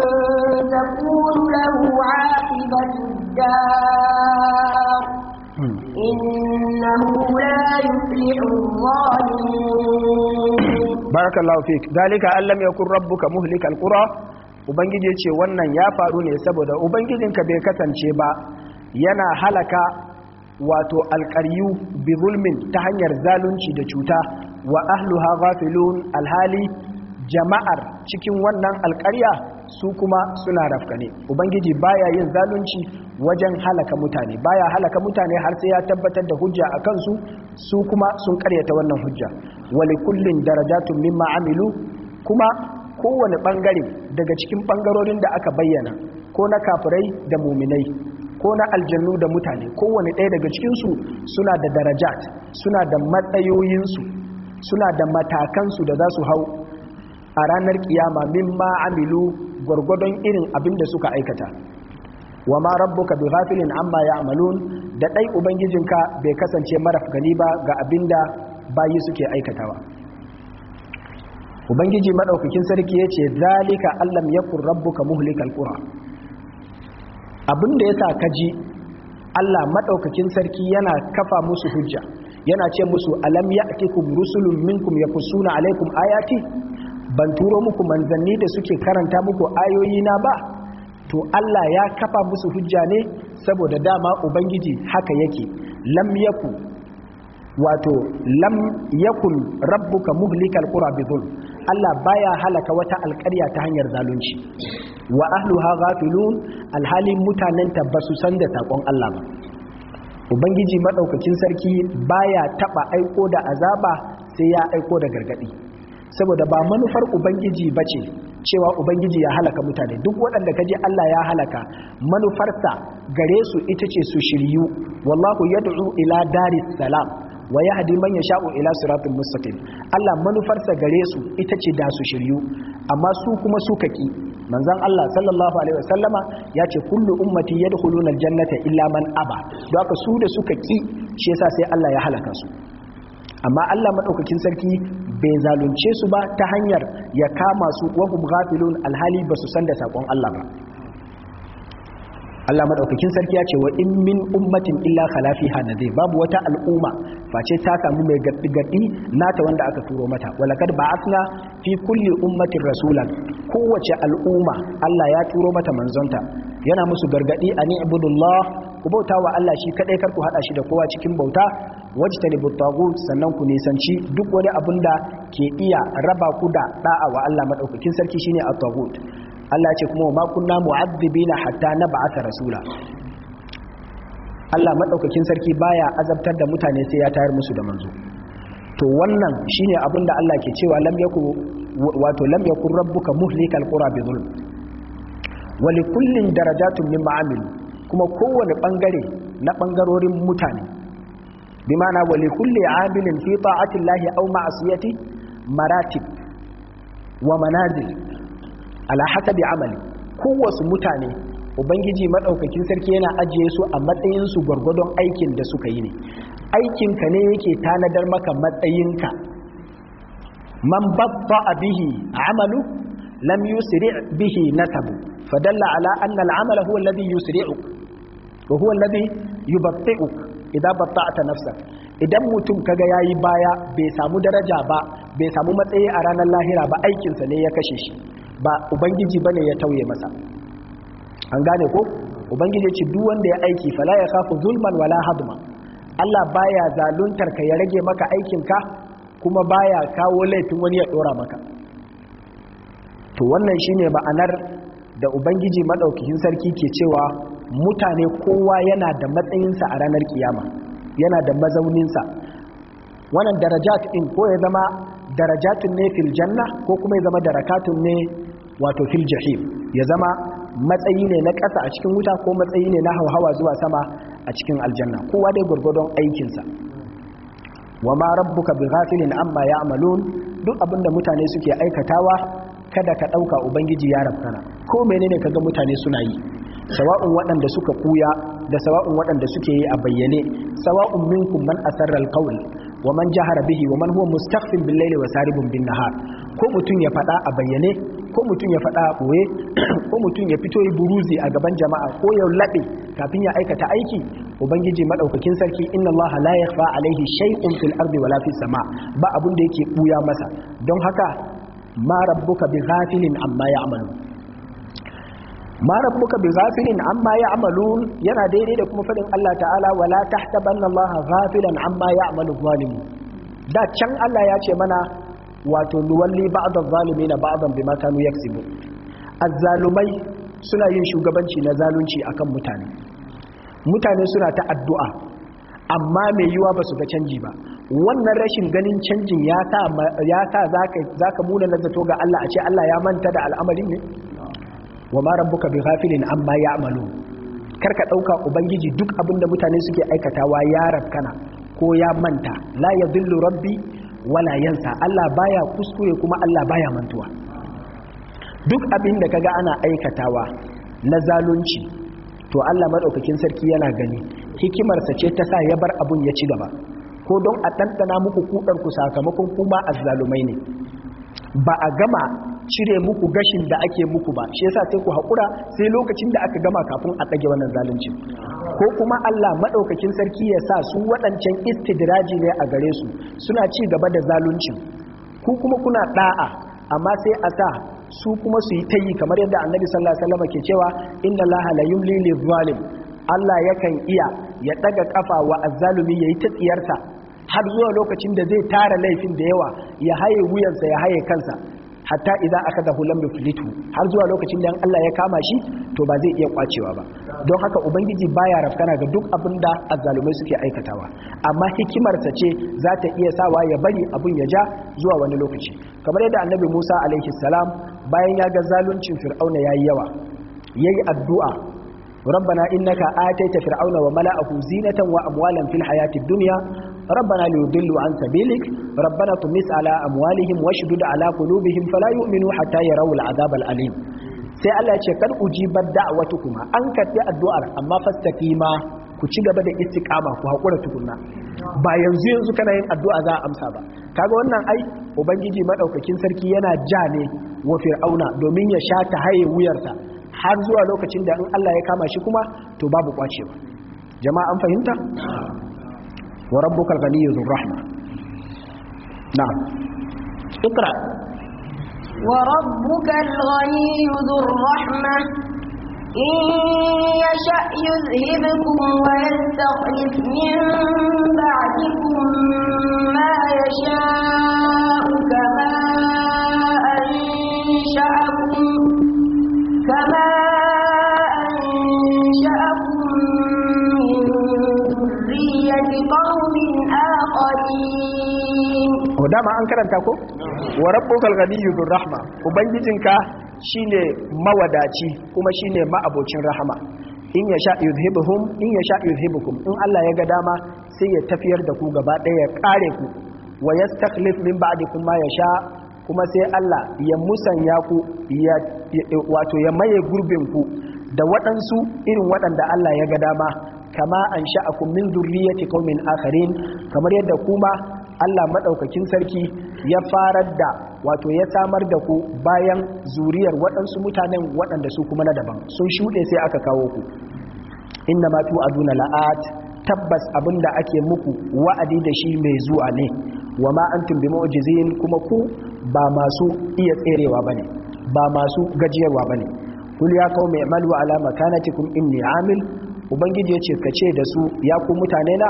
barakallahu fik dalika allam yakun rabbuka muhlikal qura ubangiji ya ce wannan ya faru ne saboda ubangijinka bai kasance ba yana halaka wato alƙaryu bi zulmin ta hanyar zalunci da cuta wa ahluha ghafilun alhali jama'ar cikin wannan alƙarya su kuma suna rafkane ubangiji baya yin zalunci wajen halaka mutane baya halaka mutane har sai ya tabbatar da hujja a kansu su kuma sun karyata wannan hujja wali kullin darajatun mimma amilu kuma kowane bangare daga cikin ɓangarorin da aka bayyana ko na kafirai da muminai ko na aljannu da mutane kowane ɗaya daga cikinsu suna da daraja, suna da matsayoyinsu suna da matakansu da za su hau a ranar kiyama mimma amilu gwargwadon irin abin da suka aikata wa ma rabbuka bi ghafilin amma ya'malun da dai ubangijinka bai kasance maraf gani ba ga abinda bayi suke aikatawa ubangiji madaukakin sarki yace zalika allam kura Abin da ya sa ka ji Allah madaukakin sarki yana kafa musu hujja yana ce musu alam ya'tikum rusulun ya kusuna alaikum ayati ban turo muku manzanni da suke karanta muku ayoyi na ba to Allah ya kafa musu hujja ne saboda dama ubangiji haka yake lam yaku wato lam yakun rabbuka muhlikal qura bidhul Allah baya halaka wata alƙarya ta hanyar zalunci wa ahluha ghafilun ta mutanen tabbasu san da takon Allah ba ubangiji madaukakin sarki baya taba aiko da azaba sai ya aiko da gargadi saboda ba manufar ubangiji ba ce cewa ubangiji ya halaka mutane duk waɗanda kaje Allah ya halaka manufarsa gare su ita ce su shiryu wallahu yad'u ila daris salam wa yahdi man yasha'u ila siratin mustaqim Allah manufarsa gare su ita ce da su shiryu amma su kuma su kaki manzon Allah sallallahu alaihi wasallama ya ce kullu ummati yadkhuluna aljannata illa man aba don haka su da suka ki shi yasa sai Allah ya halaka su amma Allah madaukakin sarki bai zalunce su ba ta hanyar ya kama su wahum ghafilun alhali ba su san da sakon Allah ba Allah madaukakin sarki ya ce wa in min ummatin illa khalafiha zai. babu wata al'umma face ta samu mai gaddigadi nata wanda aka turo mata walakad ba'athna fi kulli ummatin rasulan kowace al'umma Allah ya turo mata manzonta yana musu gargadi ani ibudullah ku bauta wa Allah shi kadai kar ku hada shi da kowa cikin bauta wajtani tagu sannan ku nisanci duk wani abun da ke iya raba ku da da'a wa Allah madaukakin sarki shine at-tagut Allah ya ce kuma ma kunna mu'azzibina hatta nab'atha rasula Allah madaukakin sarki baya azabtar da mutane sai ya tayar musu da manzo to wannan shine abin da Allah ke cewa lam yaku wato lam yakun rabbuka muhlikal qura bi zulm wa likullin darajatun mimma amilu kuma kowane bangare na bangarorin mutane bi ma'ana wa li kulli 'amilin fi ta'ati lahi au ma'asiyati maratib wa manazil alahata bi 'amali kowasu mutane ubangiji maɗaukakin sarki yana ajiye su a matsayinsu gwargwadon aikin da suka yi ne aikinka ne yake tanadar maka matsayinka man babba bihi amalu lam yusri bihi nasabu fadalla ala anna al'amala huwa alladhi yusri'u to huwa ladhi yubatti'uk idza batta'ta nafsak idan mutum kaga yayi baya bai samu daraja ba bai samu matsayi a ranar lahira ba aikinsa ne ya kashe shi ba ubangiji bane ya tauye masa an gane ko ubangiji ce duk wanda ya aiki fala ya khafu zulman wala hadma Allah baya zaluntar ka ya rage maka aikin ka kuma baya kawo laifin wani ya dora maka to wannan shine ma'anar da ubangiji madaukakin sarki ke cewa mutane kowa yana da matsayinsa a ranar kiyama yana da mazauninsa wannan darajat din ko ya zama darajatun ne fil janna ko kuma ya zama darakatun ne wato fil jahim ya zama matsayi ne na ƙasa a cikin wuta ko matsayi ne na hauhawa zuwa sama a cikin aljanna kowa dai gurgurdon aikinsa wa ma rabbuka bi ghafilin amma ya'malun duk abinda mutane suke aikatawa kada ka dauka ubangiji ya rabbana ko menene kaga mutane suna yi sawa'un waɗanda suka kuya da sawa'un waɗanda suke yi a bayyane sawa'un minkum man asarra alqawl wa man jahara bihi wa man huwa mustaqfin bil layli wa saribun bin nahar ko mutun ya fada a bayyane ko mutun ya fada a boye ko mutun ya fito yi buruzi a gaban jama'a ko ya labe kafin ya aikata aiki ubangiji madaukakin sarki inna allaha la yakhfa alaihi shay'un fil ardi wala fis sama ba abun da yake kuya masa don haka ma rabbuka bi ghafilin amma ya'malu ma rabbuka bi ghafilin amma ya'malun yana daidai da kuma fadin Allah ta'ala wala tahtabanna Allah ghafilan amma ya'malu zalimun da can Allah ya ce mana wato nuwalli ba'd adh na ba'dan bima kanu yaksubu azzalumai suna yin shugabanci na zalunci akan mutane mutane suna ta addu'a amma mai yiwa ba su ga canji ba wannan rashin ganin canjin ya sa za ka muna na zato ga Allah a ce Allah ya manta da al'amarin ne wa ma rabbuka bi ghafilin amma ya'malu karka ɗauka ubangiji duk abin da mutane suke aikatawa ya rabkana ko ya manta la yadhillu rabbi wala yansa Allah baya kuskure kuma Allah baya mantuwa duk abin da kaga ana aikatawa na zalunci to Allah madaukakin sarki yana gani hikimarsa ce ta sa ya bar abun ya ci gaba ko don a tantana muku kuɗarku sakamakon kuma azzalumai ne ba a gama cire muku gashin da ake muku ba shi yasa sai ku haƙura sai lokacin da aka gama kafin a tsage wannan zalunci ko kuma Allah madaukakin sarki ya sa su waɗancan istidraji ne a gare su suna ci gaba da zalunci ku kuma kuna da'a amma sai a sa su kuma su yi tayi kamar yadda annabi sallallahu alaihi wasallam ke cewa inna allaha la yumli lil Allah yakan iya ya daga kafa wa azzalumi yayi ta tsiyarsa har zuwa lokacin da zai tara laifin da yawa ya haye wuyansa ya haye kansa hatta idan aka akadahu lam yuflithu har zuwa lokacin da Allah ya kama shi to ba zai iya kwacewa ba don haka ubangiji baya rafkana ga duk abin da azzalumai suke aikatawa amma hikimarsa ce za ta iya sawa ya bari abun ya ja zuwa wani lokaci kamar yadda annabi Musa alaihi salam bayan ya ga zaluncin fir'auna yayi yawa yayi addu'a ربنا إنك آتيت فرعون وملأه زينة وأموالا في الحياة الدنيا ربنا ليضلوا عن سبيلك ربنا طمس على أموالهم واشدد على قلوبهم فلا يؤمنوا حتى يروا العذاب الأليم sai Allah ya ce kan ujibar da'awatu kuma an karɓi addu'ar amma fastaqima ku ci gaba da istiqama ku hakura tukunna ba yanzu yanzu kana yin addu'a za a amsa ba kaga wannan ai ubangiji madaukakin sarki yana ja ne wa fir'auna domin ya sha ta haye wuyarsa har zuwa lokacin da in Allah ya kama shi kuma to babu kwacewa jama'a an fahimta وربك الغني ذو الرحمة نعم اقرأ وربك الغني ذو الرحمة إن يشأ يذهبكم ويستخلف من بعدكم ما يشاء كما alim dama an karanta ko wa rabbukal ghaniyyu dhur rahma ubangijinka shine mawadaci kuma shine ma'abocin rahama in ya sha yuzhibuhum in ya sha yuzhibukum in Allah ya ga dama sai ya tafiyar da ku gaba ɗaya ya kare ku wa yastakhlif min ba'dikum ma yasha kuma sai Allah ya musanya ku wato ya maye gurbin ku da waɗansu irin waɗanda Allah ya ga dama kama an sha'akum min zurriyyati qaumin akharin kamar yadda kuma Allah madaukakin sarki ya farar da wato ya samar da ku bayan zuriyar waɗansu mutanen waɗanda su kuma na daban sun shuɗe sai aka kawo ku inna ma duna la'at tabbas abinda ake muku wa'adi da shi mai zuwa ne wa ma antum bi mu'jizin kuma ku ba masu iya tserewa bane ba masu gajiyarwa bane kul ya qaumi amalu ala makanatikum inni amil ubangiji ya ce ka ce da su ya ku mutane na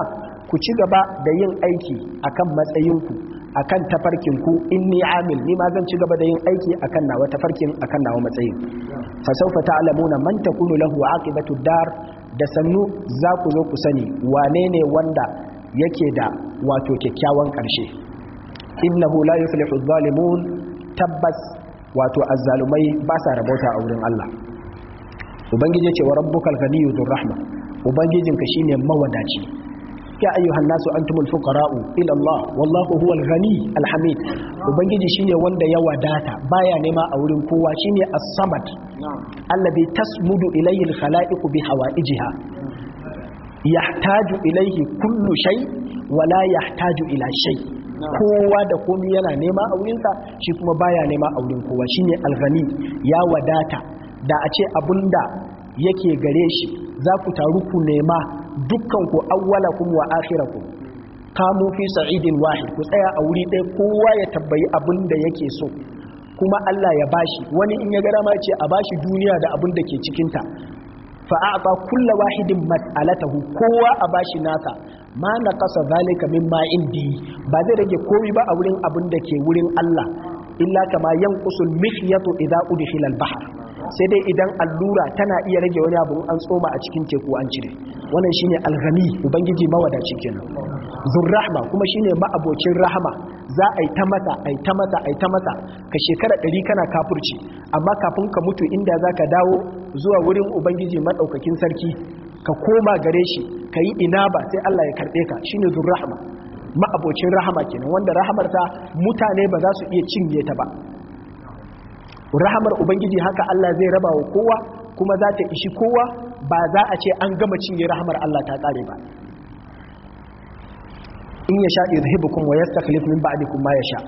ku ci gaba da yin aiki akan matsayinku akan tafarkinku inni amil ni ma zan ci gaba da yin aiki akan nawa tafarkin akan nawa matsayin fa sawfa ta'lamuna man takunu lahu aqibatu dar da sannu za ku zo ku sani wane ne wanda yake da wato kyakkyawan karshe innahu la yuflihu adh tabbas wato azzalumai ba sa rabota a wurin Allah ubangiji ce wa rabbukal ghaniyyu dhur rahma ubangijinka shine mawadaci ya ayyuhan nasu antumul fuqara'u ila Allah wallahu huwal ghani alhamid ubangiji shine wanda ya wadata baya nema a wurin kowa shine as-samad alladhi tasmudu ilayhi al-khala'iqu bi hawaijiha yahtaju ilayhi kullu shay wa la yahtaju ila shay kowa da komai yana nema a wurinsa shi kuma baya nema a wurin kowa shine al-ghani ya wadata da a ce abinda yake gare shi za ku taru ku nema dukkan ku awwalakum wa Ka kamo fi sa'idin wahid ku tsaya a wuri ɗaya kowa ya tabbayi abinda yake so kuma Allah ya bashi wani in ya gara ma ce a bashi duniya da abin da ke cikinta fa'aɓa kulla wahidin mas'alatahu kowa a bashi naka ma na kasa zalika min ma'in ba zai rage komi ba a wurin abin da ke wurin Allah illa kama yan kusul mihyatu idza udkhila al-bahr sai dai idan allura tana iya rage wani abu an tsoma a cikin teku an cire wannan shine alghani ubangiji mawadaci kenan zurrahma kuma shine ma'abocin rahama za a yi ta mata a yi ta mata a yi ta mata ka shekara ɗari kana kafurci amma kafin ka mutu inda za ka dawo zuwa wurin ubangiji maɗaukakin sarki ka koma gare shi ka yi ina ba sai allah ya karɓe ka shine zurrahma ma'abocin rahama kenan wanda rahamarta mutane ba za su iya cinye ta ba rahamar ubangiji haka Allah zai raba wa kowa kuma za ta ishi kowa ba za a ce an gama cinye rahamar Allah ta kare ba in ya sha yuzhibukum wa yastakhlif min ba'dikum ma yasha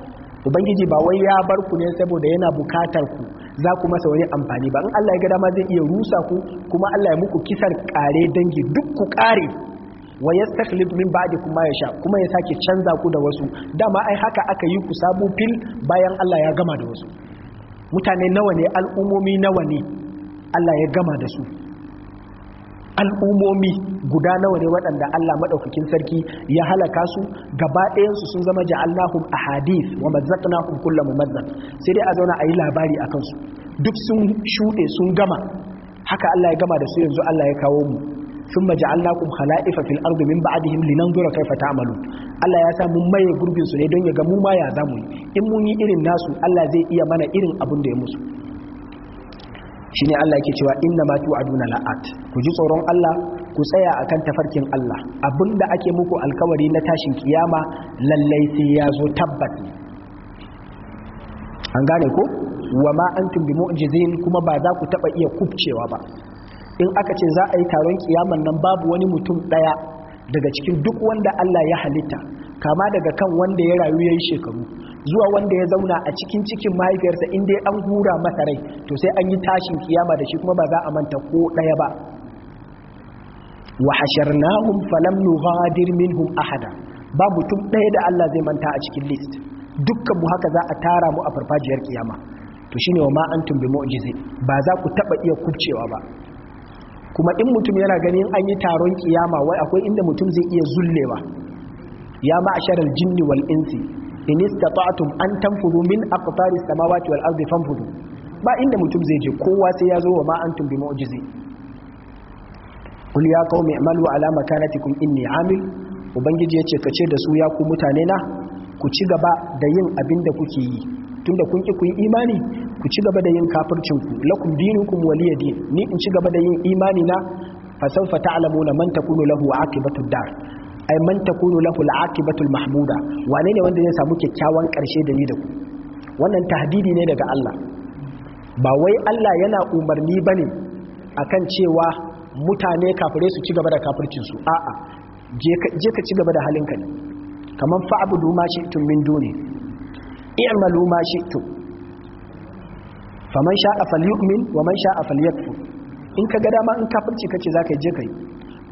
ubangiji ba wai ya bar ku ne saboda yana bukatar ku za ku masa wani amfani ba in Allah ya ga dama zai iya rusa ku kuma Allah ya muku kisar kare dangi duk ku kare wa yastakhlif min ba'dikum ma yasha kuma ya sake canza ku da wasu dama ai haka aka yi ku sabu fil bayan Allah ya gama da wasu mutane nawa ne al'umomi nawa ne Allah ya gama da su al'umomi guda nawa ne waɗanda Allah maɗaukakin sarki ya halaka su gaba ɗayansu sun zama a hadith wa mazzaqnahum kullum mumazzaq sai dai a zauna a yi labari a kansu duk sun shuɗe sun gama haka Allah ya gama da su yanzu Allah ya kawo mu Sun ثم جعلناكم خلائف في da من بعدهم لننظر كيف تعملون Allah ya sa mun maye gurbin su ne don ya ga mu ma ya zamu yi in mun yi irin nasu Allah zai iya mana irin abun da ya musu shine Allah yake cewa inna ma tu'aduna la'at ku ji tsoron Allah ku tsaya akan tafarkin Allah abinda ake muku alkawari na tashin kiyama lallai sai ya zo tabbat an gane ko wa ma antum bi mu'jizin kuma ba za ku taba iya kubcewa ba in aka ce za a yi taron kiyaman nan babu wani mutum ɗaya daga cikin duk wanda Allah ya halitta kama daga kan wanda ya rayu ya yi shekaru zuwa wanda ya zauna a cikin cikin mahaifiyarsa inda ya an hura masa rai to sai an yi tashin kiyama da shi kuma ba za a manta ko ɗaya ba wa hasharnahum falam nughadir minhum ahada ba mutum ɗaya da Allah zai manta a cikin list dukkan mu haka za a tara mu a farfajiyar kiyama to shine wa ma antum bi mu'jizin ba za ku taba iya kubcewa ba kuma in mutum yana ganin an yi taron kiyama wai akwai inda mutum zai iya zullewa ya ma'asharar jinni wal insi in istata'tum an tanfudu min aqtaris samawati wal ardi fanfudu ba inda mutum zai je kowa sai ya zo wa ma antum bi mu'jizi qul ya qaumi amalu ala makanatikum inni amil ubangiji yace kace da su ya ku mutane na ku ci gaba da yin abin da kuke yi tunda kun ki kun imani ku ci gaba da yin kafircin ku lakum dinukum waliya ni in ci gaba da yin imani na fa sawfa ta'lamuna man takunu lahu aqibatud dar ay man takunu lahu al mahmuda wane ne wanda zai samu kyakkyawan karshe da ni da ku wannan tahdidi ne daga Allah ba wai Allah yana umarni bane akan cewa mutane kafire su ci gaba da kafircin su a'a je ka ci gaba da halinka ne kaman fa'budu ma shi'tum min duni i'malu ma shi'tu faman sha'a falyu'min wa man sha'a falyakfur in ka ga dama in furci kace zakai je kai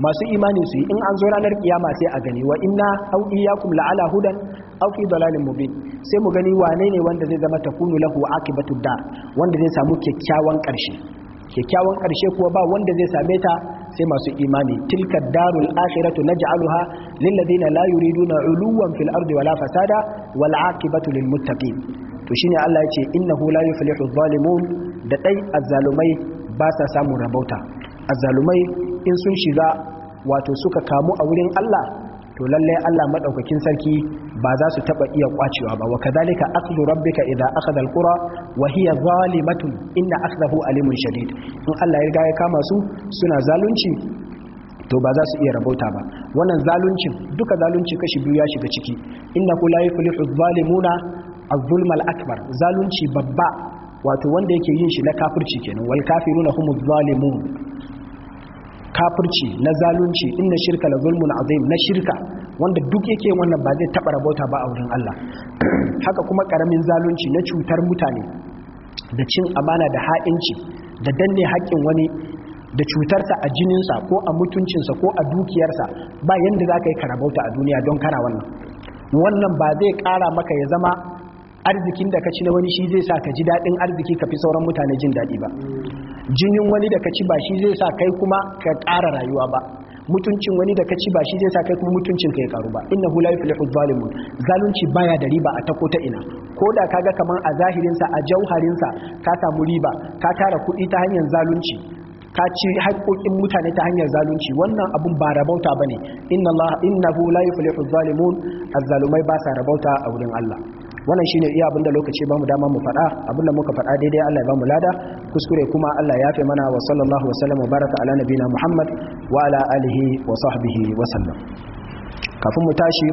masu imani su in an zo ranar kiyama sai a gani wa inna au iyyakum la'ala hudan aw fi dalalin mubin sai mu gani wane ne wanda zai zama takunu lahu akibatud dar wanda zai samu kyakkyawan karshe kyakkyawan karshe kuwa ba wanda zai same ta sai masu imani tilka darul akhiratu naj'aluha lil ladina la yuriduna uluwan fil ardi wala fasada wal aqibatu lil muttaqin to shine Allah yace innahu la yuflihu zalimun da dai azzalumai ba sa samun rabauta azzalumai in sun shiga wato suka kamu a wurin Allah to lallai Allah madaukakin sarki ba za su taba iya kwacewa ba wa kadhalika akhdhu rabbika idha akhadha alqura wa hiya zalimatun inna akhdahu alimun shadid in Allah ya riga ya kama su suna zalunci to ba za su iya rabauta ba wannan zaluncin duka zalunci kashi biyu ya shiga ciki inna la yuflihu zalimuna az-zulm akbar zalunci babba wato wanda yake yin shi na kafirci kenan wal kafiruna humuz zalimun kafirci na zalunci inna shirka la zulmun azim na shirka wanda duk yake wannan ba zai taba rabota ba a wurin Allah haka kuma karamin zalunci na cutar mutane da cin amana da ha'inci da danne haƙƙin wani da cutarsa a jininsa ko a mutuncinsa ko a dukiyarsa ba yanda zaka yi karabauta a duniya don kana wannan wannan ba zai ƙara maka ya zama arzikin da ka ci na wani shi zai sa ka ji daɗin arziki ka fi sauran mutane jin daɗi ba jinin wani da ka ci ba shi zai sa kai kuma ka ƙara rayuwa ba mutuncin wani da ka ci ba shi zai sa kai kuma mutuncin ka ya karu ba inna hu laifi yuflihu zalimun zalunci baya da riba a tako ta ina ko da kaga kaman a zahirin sa a jauharin sa ka samu riba ka tara kuɗi ta hanyar zalunci ka ci haƙoƙin mutane ta hanyar zalunci wannan abun ba rabauta bane inna Allah innahu laifi yuflihu zalimun azzalumai ba sa rabauta a wurin Allah wannan shine iya abinda lokaci bamu dama mu faɗa abinda muka faɗa daidai Allah ya bamu lada kuskure kuma Allah ya yafe mana wa sallallahu wa sallam baraka ala nabina Muhammad wa ala alihi wa sahbihi wa sallam kafin mu tashi